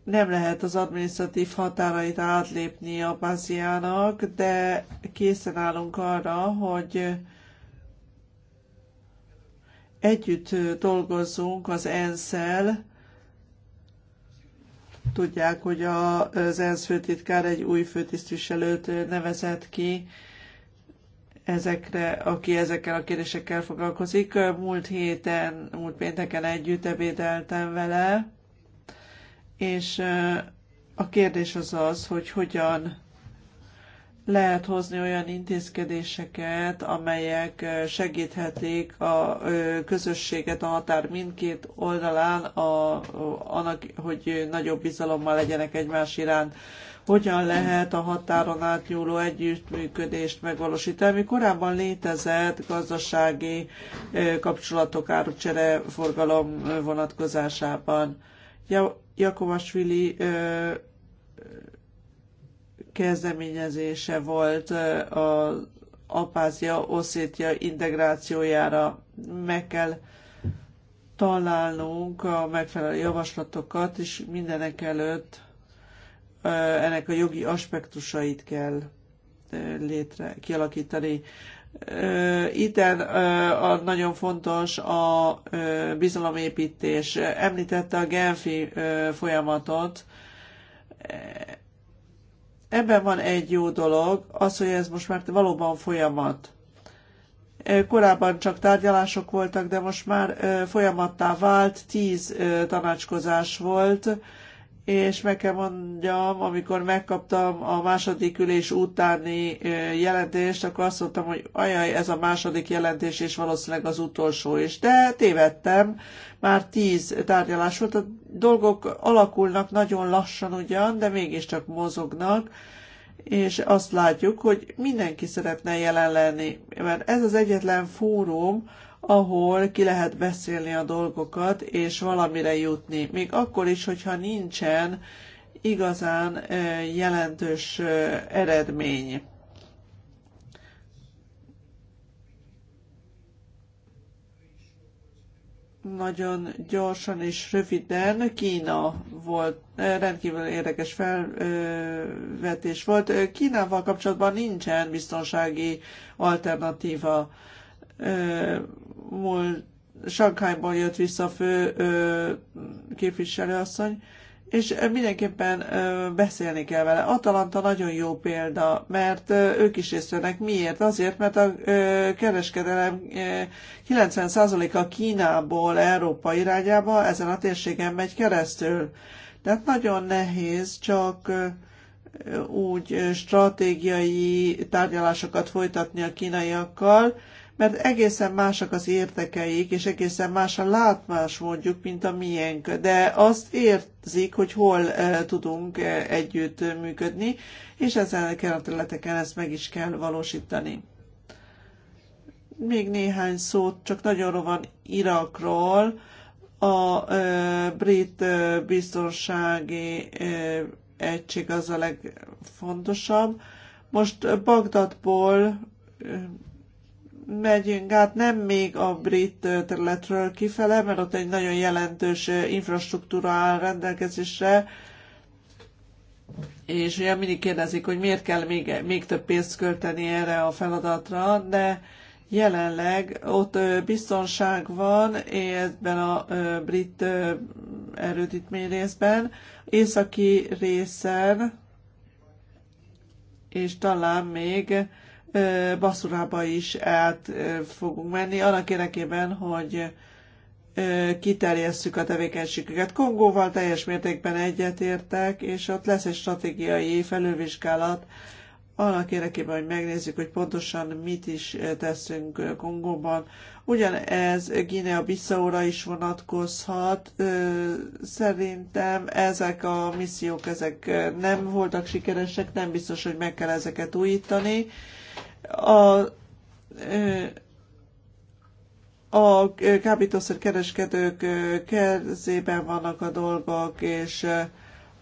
Nem lehet az adminisztratív határait átlépni a páziának, de készen állunk arra, hogy Együtt dolgozzunk az ENSZ-el, tudják, hogy az ENSZ főtitkár egy új főtisztviselőt nevezett ki, ezekre, aki ezekkel a kérdésekkel foglalkozik. Múlt héten, múlt pénteken együtt ebédeltem vele, és a kérdés az az, hogy hogyan lehet hozni olyan intézkedéseket, amelyek segíthetik a közösséget a határ mindkét oldalán, a, annak, hogy nagyobb bizalommal legyenek egymás iránt. Hogyan lehet a határon átnyúló együttműködést megvalósítani, ami korábban létezett gazdasági kapcsolatok árucsere forgalom vonatkozásában. Jakovasvili kezdeményezése volt az Apázia Oszétia integrációjára. Meg kell találnunk a megfelelő javaslatokat, és mindenek előtt ennek a jogi aspektusait kell létre kialakítani. Itten a nagyon fontos a bizalomépítés. Említette a Genfi folyamatot. Ebben van egy jó dolog, az, hogy ez most már valóban folyamat. Korábban csak tárgyalások voltak, de most már folyamattá vált, tíz tanácskozás volt, és meg kell mondjam, amikor megkaptam a második ülés utáni jelentést, akkor azt mondtam, hogy ajaj, ez a második jelentés, és valószínűleg az utolsó is. De tévedtem, már tíz tárgyalás volt, a dolgok alakulnak nagyon lassan ugyan, de mégiscsak mozognak, és azt látjuk, hogy mindenki szeretne jelen lenni, mert ez az egyetlen fórum, ahol ki lehet beszélni a dolgokat, és valamire jutni. Még akkor is, hogyha nincsen igazán jelentős eredmény. Nagyon gyorsan és röviden Kína volt, rendkívül érdekes felvetés volt. Kínával kapcsolatban nincsen biztonsági alternatíva múlt Sankhájból jött vissza a fő ö, képviselőasszony, és mindenképpen ö, beszélni kell vele. Atalanta nagyon jó példa, mert ö, ők is részt vennek. Miért? Azért, mert a ö, kereskedelem ö, 90%-a Kínából Európa irányába ezen a térségen megy keresztül. Tehát nagyon nehéz csak ö, úgy stratégiai tárgyalásokat folytatni a kínaiakkal, mert egészen másak az érdekeik, és egészen más a mondjuk, mint a miénk, de azt érzik, hogy hol tudunk együtt működni, és ezen a területeken ezt meg is kell valósítani. Még néhány szót, csak nagyon van Irakról, a brit biztonsági egység az a legfontosabb. Most Bagdadból megyünk át nem még a brit területről kifele, mert ott egy nagyon jelentős infrastruktúra áll rendelkezésre, és ugye mindig kérdezik, hogy miért kell még, még több pénzt költeni erre a feladatra, de jelenleg ott biztonság van ebben a brit erődítmény részben, északi részen, és talán még Baszurába is át fogunk menni, annak érdekében, hogy kiterjesszük a tevékenységüket. Kongóval teljes mértékben egyetértek, és ott lesz egy stratégiai felülvizsgálat, annak érdekében, hogy megnézzük, hogy pontosan mit is teszünk Kongóban. Ugyanez Guinea Bissau-ra is vonatkozhat. Szerintem ezek a missziók ezek nem voltak sikeresek, nem biztos, hogy meg kell ezeket újítani, a a kábítószer kereskedők kezében vannak a dolgok, és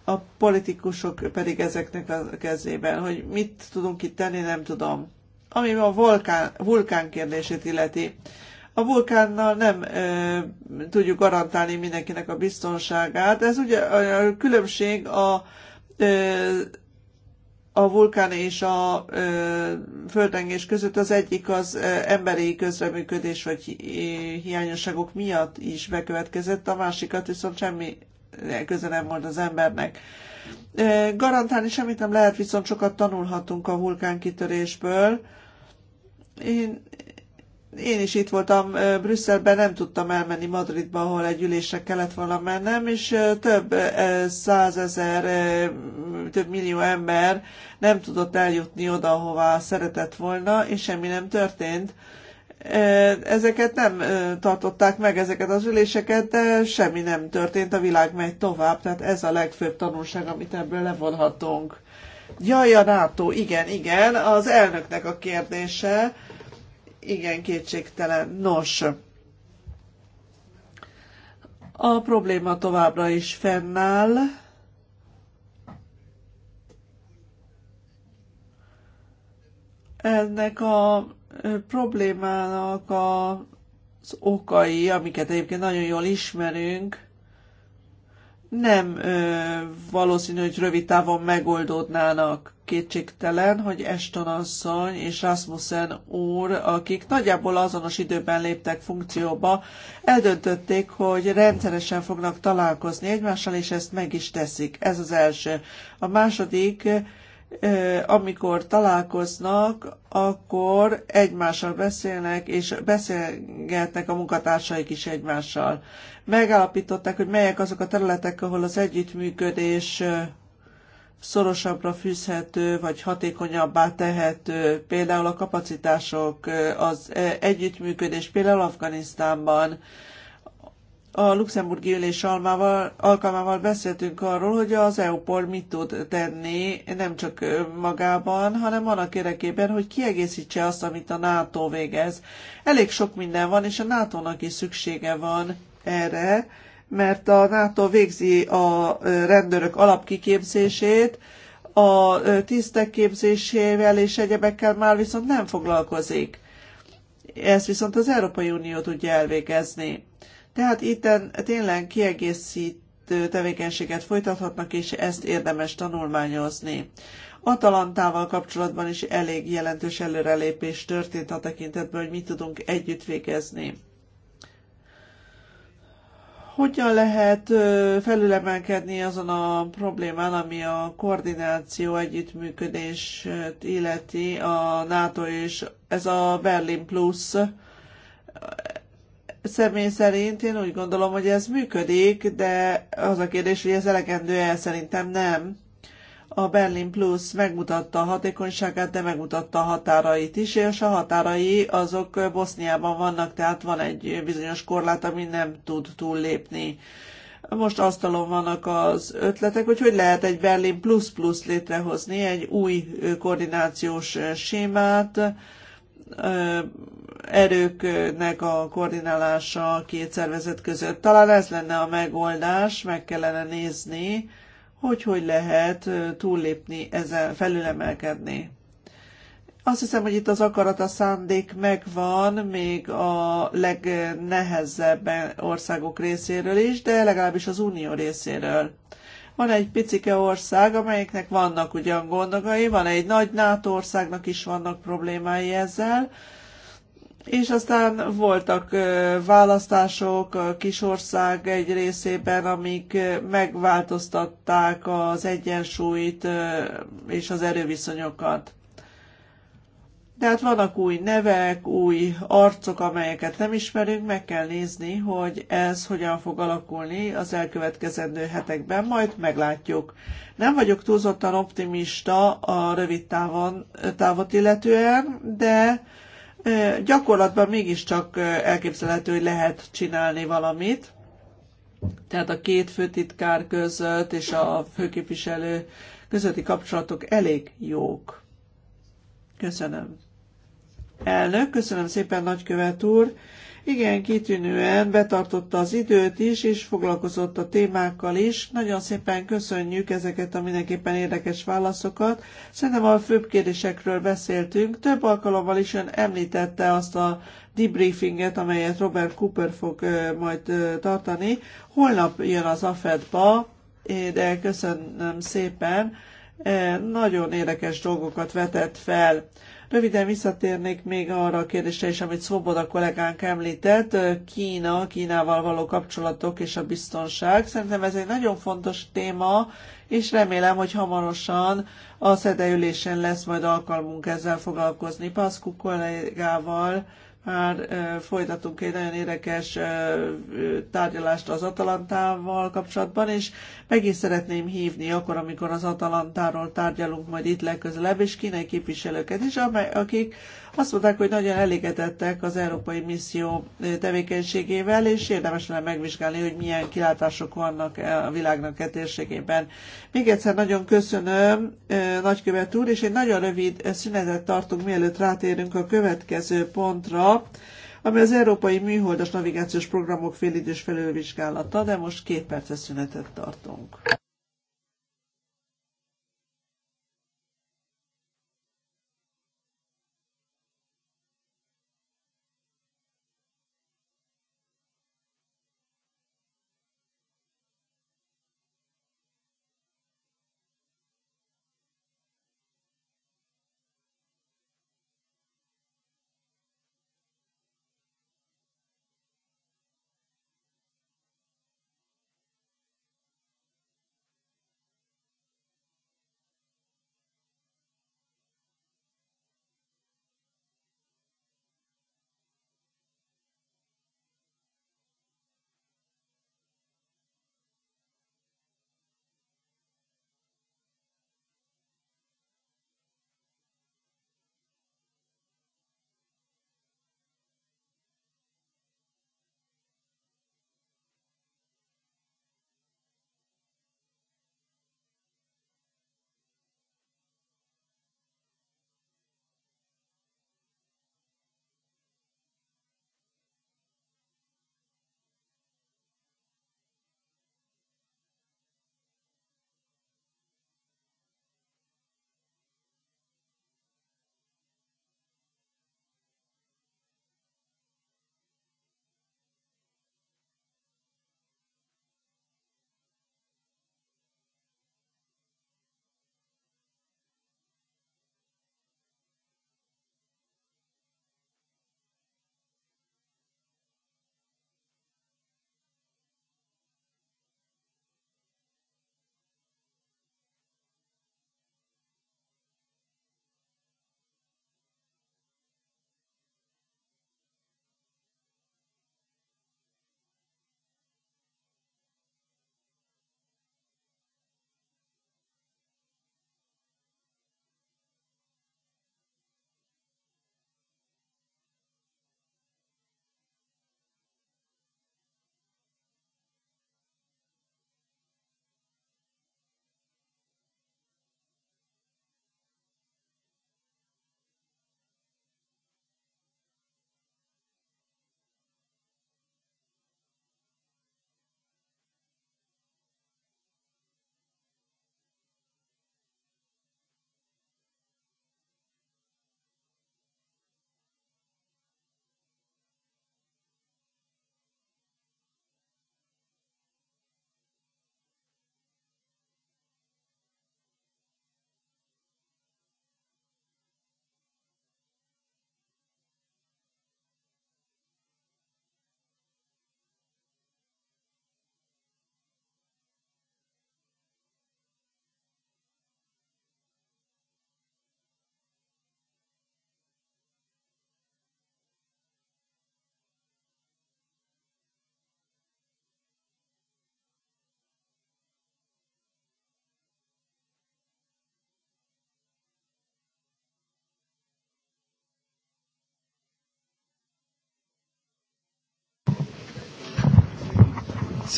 a politikusok pedig ezeknek a kezében. Hogy mit tudunk itt tenni, nem tudom. Ami a vulkán, vulkán kérdését illeti. A vulkánnal nem ö, tudjuk garantálni mindenkinek a biztonságát. Ez ugye a különbség a ö, a vulkán és a ö, földrengés között az egyik az emberi közreműködés vagy hiányosságok miatt is bekövetkezett, a másikat viszont semmi köze nem volt az embernek. Garantálni semmit nem lehet, viszont sokat tanulhatunk a vulkánkitörésből. Én én is itt voltam Brüsszelben, nem tudtam elmenni Madridba, ahol egy ülésre kellett volna mennem, és több százezer, több millió ember nem tudott eljutni oda, ahová szeretett volna, és semmi nem történt. Ezeket nem tartották meg, ezeket az üléseket, de semmi nem történt, a világ megy tovább, tehát ez a legfőbb tanulság, amit ebből levonhatunk. Jaj, a NATO, igen, igen, az elnöknek a kérdése igen kétségtelen. Nos, a probléma továbbra is fennáll. Ennek a problémának az okai, amiket egyébként nagyon jól ismerünk, nem ö, valószínű, hogy rövid távon megoldódnának kétségtelen, hogy Eston asszony és Rasmussen úr, akik nagyjából azonos időben léptek funkcióba, eldöntötték, hogy rendszeresen fognak találkozni egymással, és ezt meg is teszik. Ez az első. A második, amikor találkoznak, akkor egymással beszélnek, és beszélgetnek a munkatársaik is egymással. Megállapították, hogy melyek azok a területek, ahol az együttműködés szorosabbra fűzhető, vagy hatékonyabbá tehető, például a kapacitások, az együttműködés, például Afganisztánban, a luxemburgi ülés almával, alkalmával beszéltünk arról, hogy az EUPOL mit tud tenni, nem csak magában, hanem annak érdekében, hogy kiegészítse azt, amit a NATO végez. Elég sok minden van, és a NATO-nak is szüksége van erre, mert a NATO végzi a rendőrök alapkiképzését, a tisztek képzésével és egyebekkel már viszont nem foglalkozik. Ezt viszont az Európai Unió tudja elvégezni. Tehát itt tényleg kiegészítő tevékenységet folytathatnak, és ezt érdemes tanulmányozni. Atalantával kapcsolatban is elég jelentős előrelépés történt a tekintetben, hogy mit tudunk együtt végezni hogyan lehet felülemelkedni azon a problémán, ami a koordináció együttműködés illeti a NATO és ez a Berlin Plus Személy szerint én úgy gondolom, hogy ez működik, de az a kérdés, hogy ez elegendő-e, szerintem nem. A Berlin Plus megmutatta a hatékonyságát, de megmutatta a határait is, és a határai azok Boszniában vannak, tehát van egy bizonyos korlát, ami nem tud túllépni. Most asztalon vannak az ötletek, hogy hogy lehet egy Berlin Plus Plus létrehozni, egy új koordinációs sémát, erőknek a koordinálása a két szervezet között. Talán ez lenne a megoldás, meg kellene nézni, hogy hogy lehet túllépni, ezzel felülemelkedni. Azt hiszem, hogy itt az akarat, a szándék megvan, még a legnehezebb országok részéről is, de legalábbis az unió részéről. Van egy picike ország, amelyiknek vannak ugyan gondokai, van egy nagy NATO országnak is vannak problémái ezzel, és aztán voltak választások a ország egy részében, amik megváltoztatták az egyensúlyt és az erőviszonyokat. Tehát vannak új nevek, új arcok, amelyeket nem ismerünk, meg kell nézni, hogy ez hogyan fog alakulni az elkövetkezendő hetekben, majd meglátjuk. Nem vagyok túlzottan optimista a rövid távon, távot illetően, de gyakorlatban mégiscsak elképzelhető, hogy lehet csinálni valamit. Tehát a két főtitkár között és a főképviselő közötti kapcsolatok elég jók. Köszönöm. Elnök, köszönöm szépen, nagykövet úr. Igen, kitűnően betartotta az időt is, és foglalkozott a témákkal is. Nagyon szépen köszönjük ezeket a mindenképpen érdekes válaszokat. Szerintem a főbb kérdésekről beszéltünk. Több alkalommal is ön említette azt a debriefinget, amelyet Robert Cooper fog majd tartani. Holnap jön az AFED-ba, de köszönöm szépen. Nagyon érdekes dolgokat vetett fel. Röviden visszatérnék még arra a kérdésre is, amit Szoboda kollégánk említett, Kína, Kínával való kapcsolatok és a biztonság. Szerintem ez egy nagyon fontos téma, és remélem, hogy hamarosan a szedeülésen lesz majd alkalmunk ezzel foglalkozni. Paszku kollégával már folytatunk egy nagyon érdekes tárgyalást az Atalantával kapcsolatban, és megint szeretném hívni akkor, amikor az Atalantáról tárgyalunk majd itt legközelebb, és kínai képviselőket is, akik azt mondták, hogy nagyon elégedettek az Európai Misszió tevékenységével, és érdemes lenne megvizsgálni, hogy milyen kilátások vannak e a világnak e térségében. Még egyszer nagyon köszönöm, nagykövet úr, és egy nagyon rövid szünetet tartunk, mielőtt rátérünk a következő pontra, ami az Európai Műholdas Navigációs Programok félidős felülvizsgálata, de most két perces szünetet tartunk.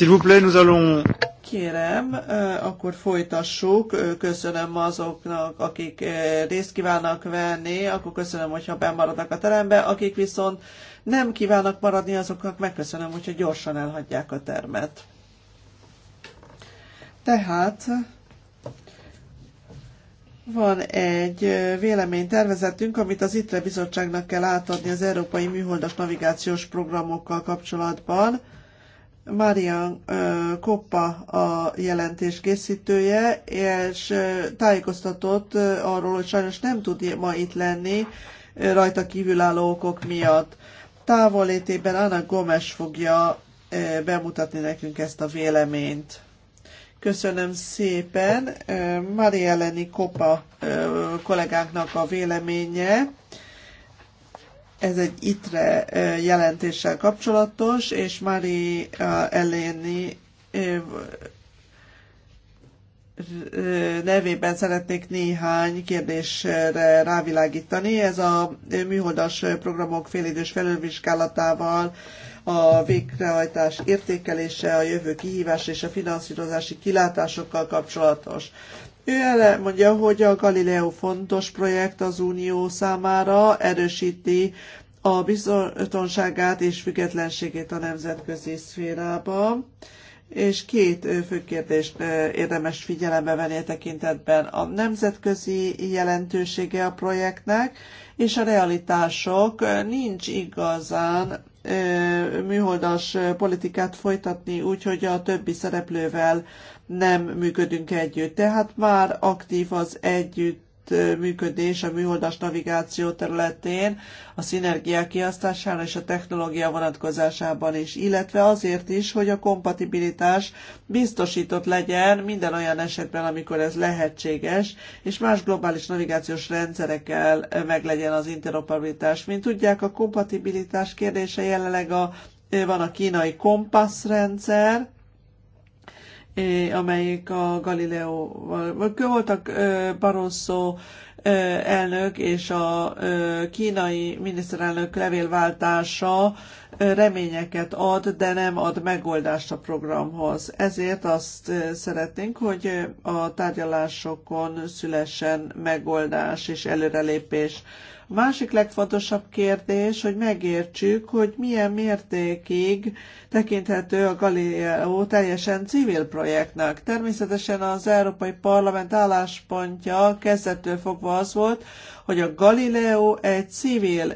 S'il vous plaît, nous allons... Kérem, eh, akkor folytassuk. Köszönöm azoknak, akik eh, részt kívánnak venni, akkor köszönöm, hogyha bemaradnak a terembe, akik viszont nem kívánnak maradni, azoknak megköszönöm, hogyha gyorsan elhagyják a termet. Tehát van egy eh, véleménytervezetünk, amit az ITRE bizottságnak kell átadni az Európai Műholdas Navigációs Programokkal kapcsolatban Marian Koppa a jelentés készítője, és tájékoztatott arról, hogy sajnos nem tud ma itt lenni rajta kívülálló okok miatt. Távolétében Anna Gomes fogja bemutatni nekünk ezt a véleményt. Köszönöm szépen Marieleni Koppa kollégánknak a véleménye ez egy ITRE jelentéssel kapcsolatos, és Mari Eléni nevében szeretnék néhány kérdésre rávilágítani. Ez a műholdas programok félidős felülvizsgálatával a végrehajtás értékelése, a jövő kihívás és a finanszírozási kilátásokkal kapcsolatos. Ő mondja, hogy a Galileo fontos projekt az Unió számára erősíti a biztonságát és függetlenségét a nemzetközi szférában, és két fő kérdést érdemes figyelembe venni a tekintetben. A nemzetközi jelentősége a projektnek, és a realitások nincs igazán műholdas politikát folytatni úgy, hogy a többi szereplővel nem működünk együtt. Tehát már aktív az együtt működés a műholdas navigáció területén, a szinergiák kiasztására és a technológia vonatkozásában is, illetve azért is, hogy a kompatibilitás biztosított legyen minden olyan esetben, amikor ez lehetséges, és más globális navigációs rendszerekkel meg legyen az interoperabilitás. Mint tudják, a kompatibilitás kérdése jelenleg a van a kínai kompasszrendszer, rendszer, amelyik a Galileo volt, a Barroso elnök és a kínai miniszterelnök levélváltása reményeket ad, de nem ad megoldást a programhoz. Ezért azt szeretnénk, hogy a tárgyalásokon szülessen megoldás és előrelépés. A másik legfontosabb kérdés, hogy megértsük, hogy milyen mértékig tekinthető a Galileo teljesen civil projektnek. Természetesen az Európai Parlament álláspontja kezdettől fogva az volt, hogy a Galileo egy civil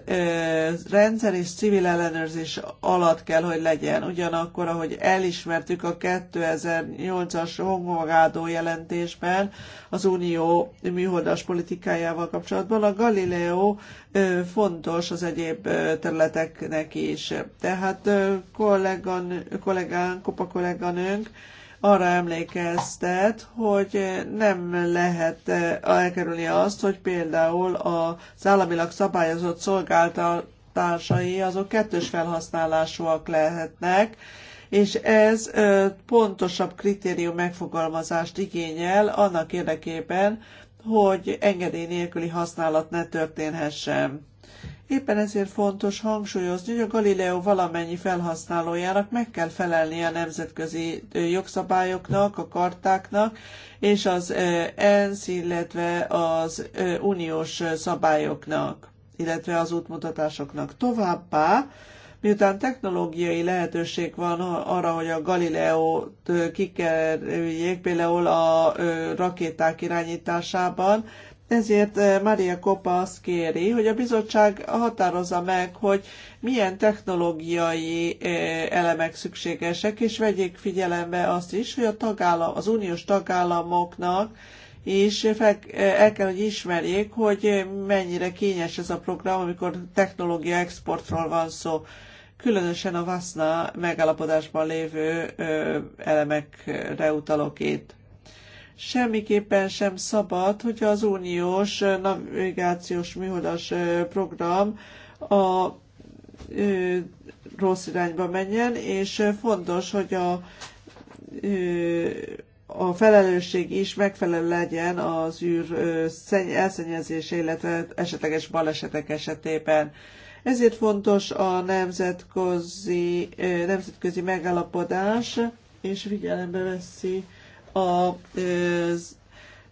rendszer és civil ellenőrzés alatt kell, hogy legyen. Ugyanakkor, ahogy elismertük a 2008-as homologádó jelentésben az Unió műholdas politikájával kapcsolatban, a Galileo fontos az egyéb területeknek is. Tehát kollégan, kollégán, kopa kolléganőnk, arra emlékeztet, hogy nem lehet eh, elkerülni azt, hogy például az államilag szabályozott szolgáltatásai azok kettős felhasználásúak lehetnek, és ez eh, pontosabb kritérium megfogalmazást igényel annak érdekében, hogy engedély nélküli használat ne történhessen. Éppen ezért fontos hangsúlyozni, hogy a Galileo valamennyi felhasználójának meg kell felelni a nemzetközi jogszabályoknak, a kartáknak és az ENSZ, illetve az uniós szabályoknak, illetve az útmutatásoknak. Továbbá Miután technológiai lehetőség van arra, hogy a Galileo-t kikerüljék, például a rakéták irányításában, ezért eh, Maria Kopa azt kéri, hogy a bizottság határozza meg, hogy milyen technológiai eh, elemek szükségesek, és vegyék figyelembe azt is, hogy a tagállam, az uniós tagállamoknak és eh, el kell, hogy ismerjék, hogy mennyire kényes ez a program, amikor technológia exportról van szó, különösen a VASZNA megállapodásban lévő elemekre utalok itt semmiképpen sem szabad, hogy az uniós navigációs műholdas program a rossz irányba menjen, és fontos, hogy a, a felelősség is megfelelő legyen az űr elszennyezés, illetve esetleges balesetek esetében. Ezért fontos a nemzetközi, nemzetközi megállapodás, és figyelembe veszi a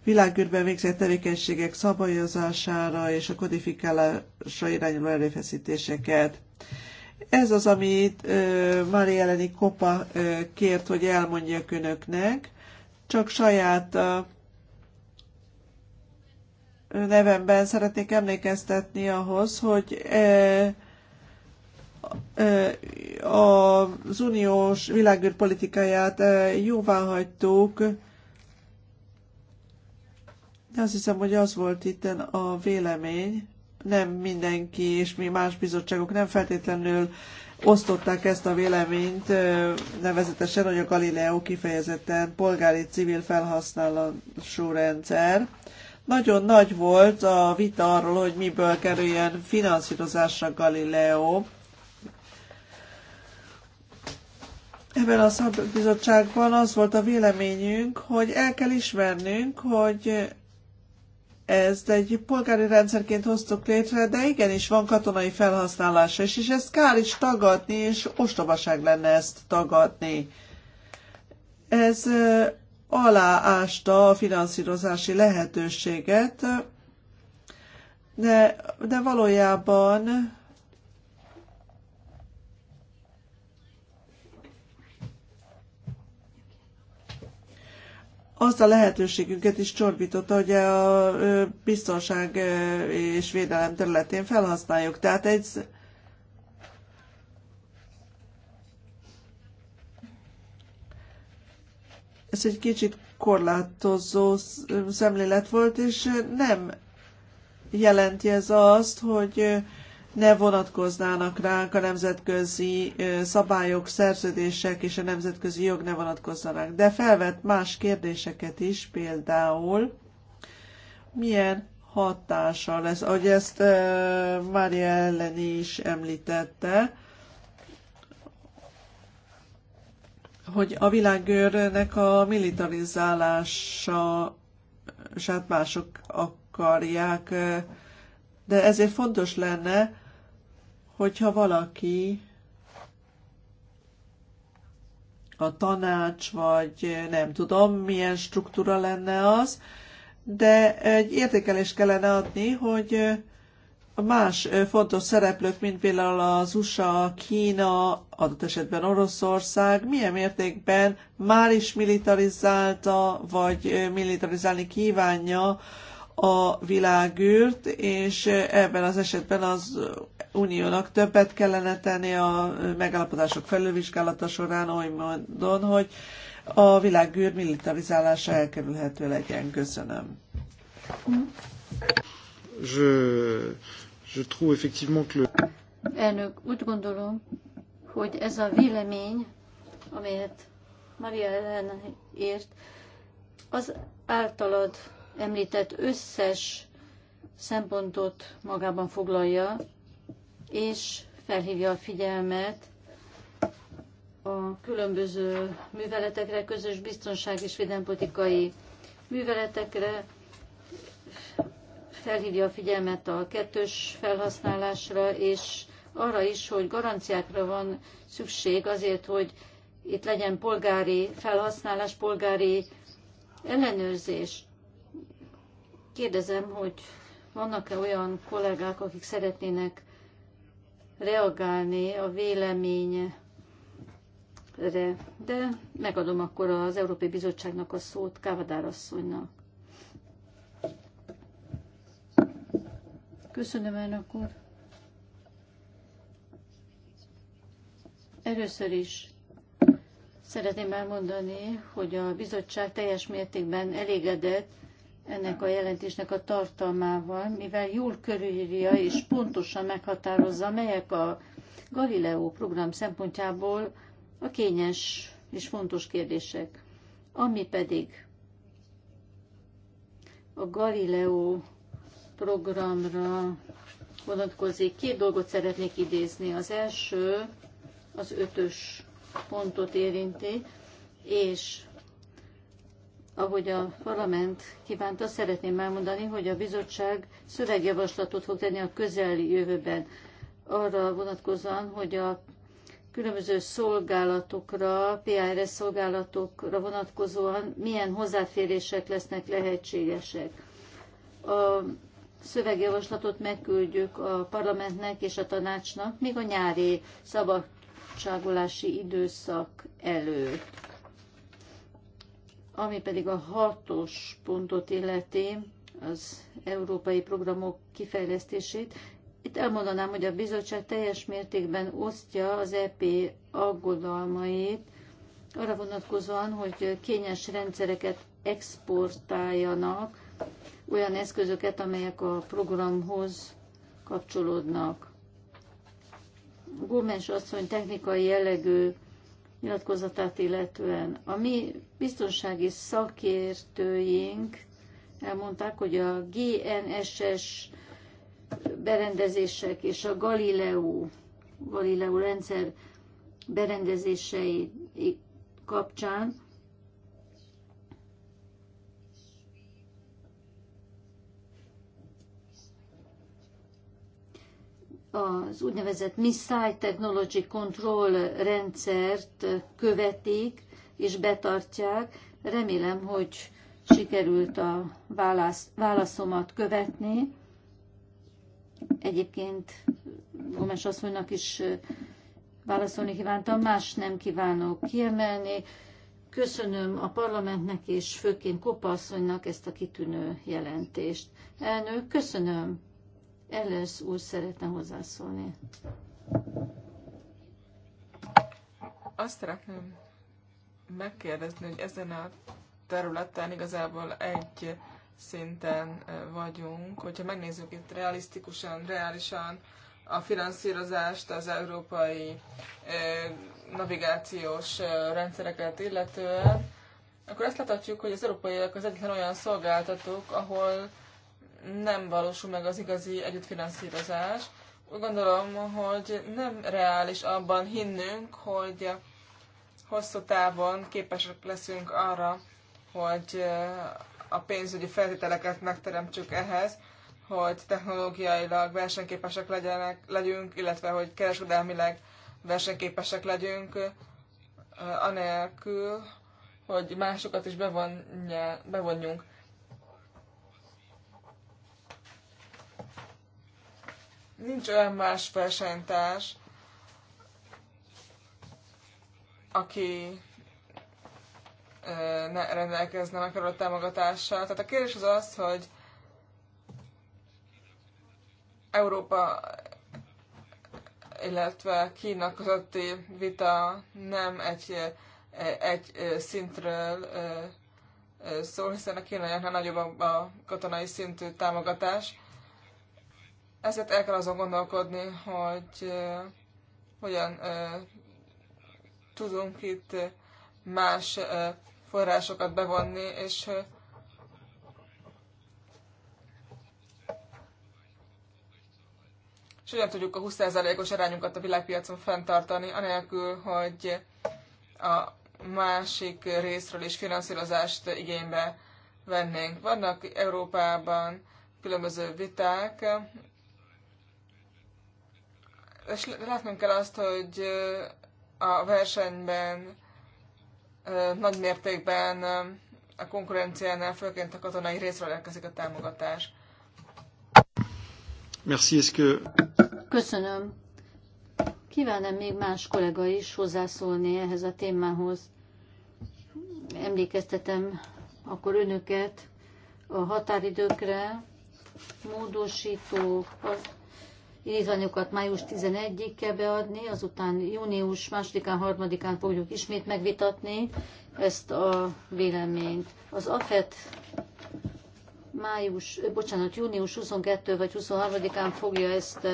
világűrben végzett tevékenységek szabályozására és a kodifikálásra irányuló erőfeszítéseket. Ez az, amit Mária Eleni Kopa kért, hogy elmondjak önöknek, csak saját nevemben szeretnék emlékeztetni ahhoz, hogy az uniós világűr politikáját jóvá hagytuk, de azt hiszem, hogy az volt itt a vélemény, nem mindenki és mi más bizottságok nem feltétlenül osztották ezt a véleményt, nevezetesen, hogy a Galileo kifejezetten polgári civil felhasználású rendszer. Nagyon nagy volt a vita arról, hogy miből kerüljen finanszírozásra Galileo, ebben a szakbizottságban az volt a véleményünk, hogy el kell ismernünk, hogy ezt egy polgári rendszerként hoztuk létre, de igenis van katonai felhasználása is, és ezt kár is tagadni, és ostobaság lenne ezt tagadni. Ez aláásta a finanszírozási lehetőséget, de, de valójában azt a lehetőségünket is csorbította, hogy a biztonság és védelem területén felhasználjuk. Tehát egy ez egy kicsit korlátozó szemlélet volt, és nem jelenti ez azt, hogy ne vonatkoznának ránk a nemzetközi szabályok, szerződések és a nemzetközi jog ne vonatkozzanak. De felvet más kérdéseket is, például milyen hatása lesz, ahogy ezt Mária ellen is említette, hogy a világőrnek a militarizálása mások akarják, de ezért fontos lenne, hogyha valaki a tanács, vagy nem tudom, milyen struktúra lenne az, de egy értékelést kellene adni, hogy más fontos szereplők, mint például az USA, Kína, adott esetben Oroszország, milyen mértékben már is militarizálta, vagy militarizálni kívánja a világűrt, és ebben az esetben az Uniónak többet kellene tenni a megállapodások felülvizsgálata során, oly módon, hogy a világűr militarizálása elkerülhető legyen. Köszönöm. Je, je trouve effectivement que le... Elnök, úgy gondolom, hogy ez a vélemény, amelyet Maria Ellen ért, az általad említett összes szempontot magában foglalja, és felhívja a figyelmet a különböző műveletekre, közös biztonság és védelmpolitikai műveletekre, felhívja a figyelmet a kettős felhasználásra, és arra is, hogy garanciákra van szükség azért, hogy itt legyen polgári felhasználás, polgári ellenőrzés. Kérdezem, hogy vannak-e olyan kollégák, akik szeretnének reagálni a véleményre, de megadom akkor az Európai Bizottságnak a szót Kávadár asszonynak. Köszönöm, elnök úr. Először is szeretném elmondani, hogy a bizottság teljes mértékben elégedett ennek a jelentésnek a tartalmával, mivel jól körülírja és pontosan meghatározza, melyek a Galileo program szempontjából a kényes és fontos kérdések. Ami pedig a Galileo programra vonatkozik. Két dolgot szeretnék idézni. Az első az ötös pontot érinti, és ahogy a parlament kívánta, szeretném elmondani, hogy a bizottság szövegjavaslatot fog tenni a közeli jövőben arra vonatkozóan, hogy a különböző szolgálatokra, PRS szolgálatokra vonatkozóan milyen hozzáférések lesznek lehetségesek. A szövegjavaslatot megküldjük a parlamentnek és a tanácsnak még a nyári szabadságolási időszak előtt ami pedig a hatos pontot illeti, az európai programok kifejlesztését, itt elmondanám, hogy a bizottság teljes mértékben osztja az EP aggodalmait arra vonatkozóan, hogy kényes rendszereket exportáljanak, olyan eszközöket, amelyek a programhoz kapcsolódnak. Gómez asszony technikai jellegű nyilatkozatát illetően. A mi biztonsági szakértőink elmondták, hogy a GNSS berendezések és a Galileo, Galileo rendszer berendezései kapcsán az úgynevezett Missile Technology Control rendszert követik és betartják. Remélem, hogy sikerült a válasz, válaszomat követni. Egyébként Gomes asszonynak is válaszolni kívántam, más nem kívánok kiemelni. Köszönöm a parlamentnek és főként Kopa asszonynak ezt a kitűnő jelentést. Elnök, köszönöm. Ellers úr szeretne hozzászólni. Azt szeretném megkérdezni, hogy ezen a területen igazából egy szinten vagyunk. Hogyha megnézzük itt realisztikusan, reálisan a finanszírozást, az európai navigációs rendszereket illetően, akkor azt láthatjuk, hogy az európaiak az egyetlen olyan szolgáltatók, ahol nem valósul meg az igazi együttfinanszírozás. Úgy gondolom, hogy nem reális abban hinnünk, hogy hosszú távon képesek leszünk arra, hogy eh, a pénzügyi feltételeket megteremtsük ehhez, hogy technológiailag versenyképesek legyenek, legyünk, illetve hogy kereskedelmileg versenyképesek legyünk, eh, anélkül, hogy másokat is bevonja, bevonjunk. nincs olyan más versenytárs, aki ne rendelkezne a támogatással. Tehát a kérdés az az, hogy Európa, illetve Kína közötti vita nem egy, egy szintről szól, hiszen a kínaiaknál nagyobb a katonai szintű támogatás. Ezért el kell azon gondolkodni, hogy hogyan tudunk itt más forrásokat bevonni, és és hogyan tudjuk a 20%-os arányunkat a világpiacon fenntartani, anélkül, hogy a másik részről is finanszírozást igénybe vennénk. Vannak Európában különböző viták és látnunk kell azt, hogy a versenyben nagy mértékben a konkurenciánál, főként a katonai részről érkezik a támogatás. Merci, que... Köszönöm. Kívánom még más kollega is hozzászólni ehhez a témához. Emlékeztetem akkor önöket a határidőkre, módosítók, az indítványokat május 11-e beadni, azután június 2-án, 3-án fogjuk ismét megvitatni ezt a véleményt. Az AFET május, bocsánat, június 22 vagy 23-án fogja ezt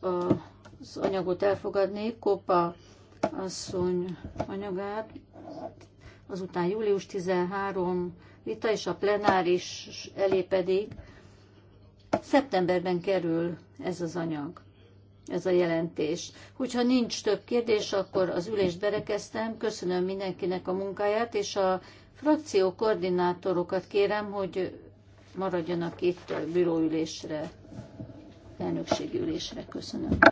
az anyagot elfogadni, Kopa asszony anyagát, azután július 13 vita, és a plenáris elé pedig Szeptemberben kerül ez az anyag, ez a jelentés. Hogyha nincs több kérdés, akkor az ülést berekeztem. Köszönöm mindenkinek a munkáját, és a frakció koordinátorokat kérem, hogy maradjanak itt a bíróülésre, elnökségi ülésre. Köszönöm.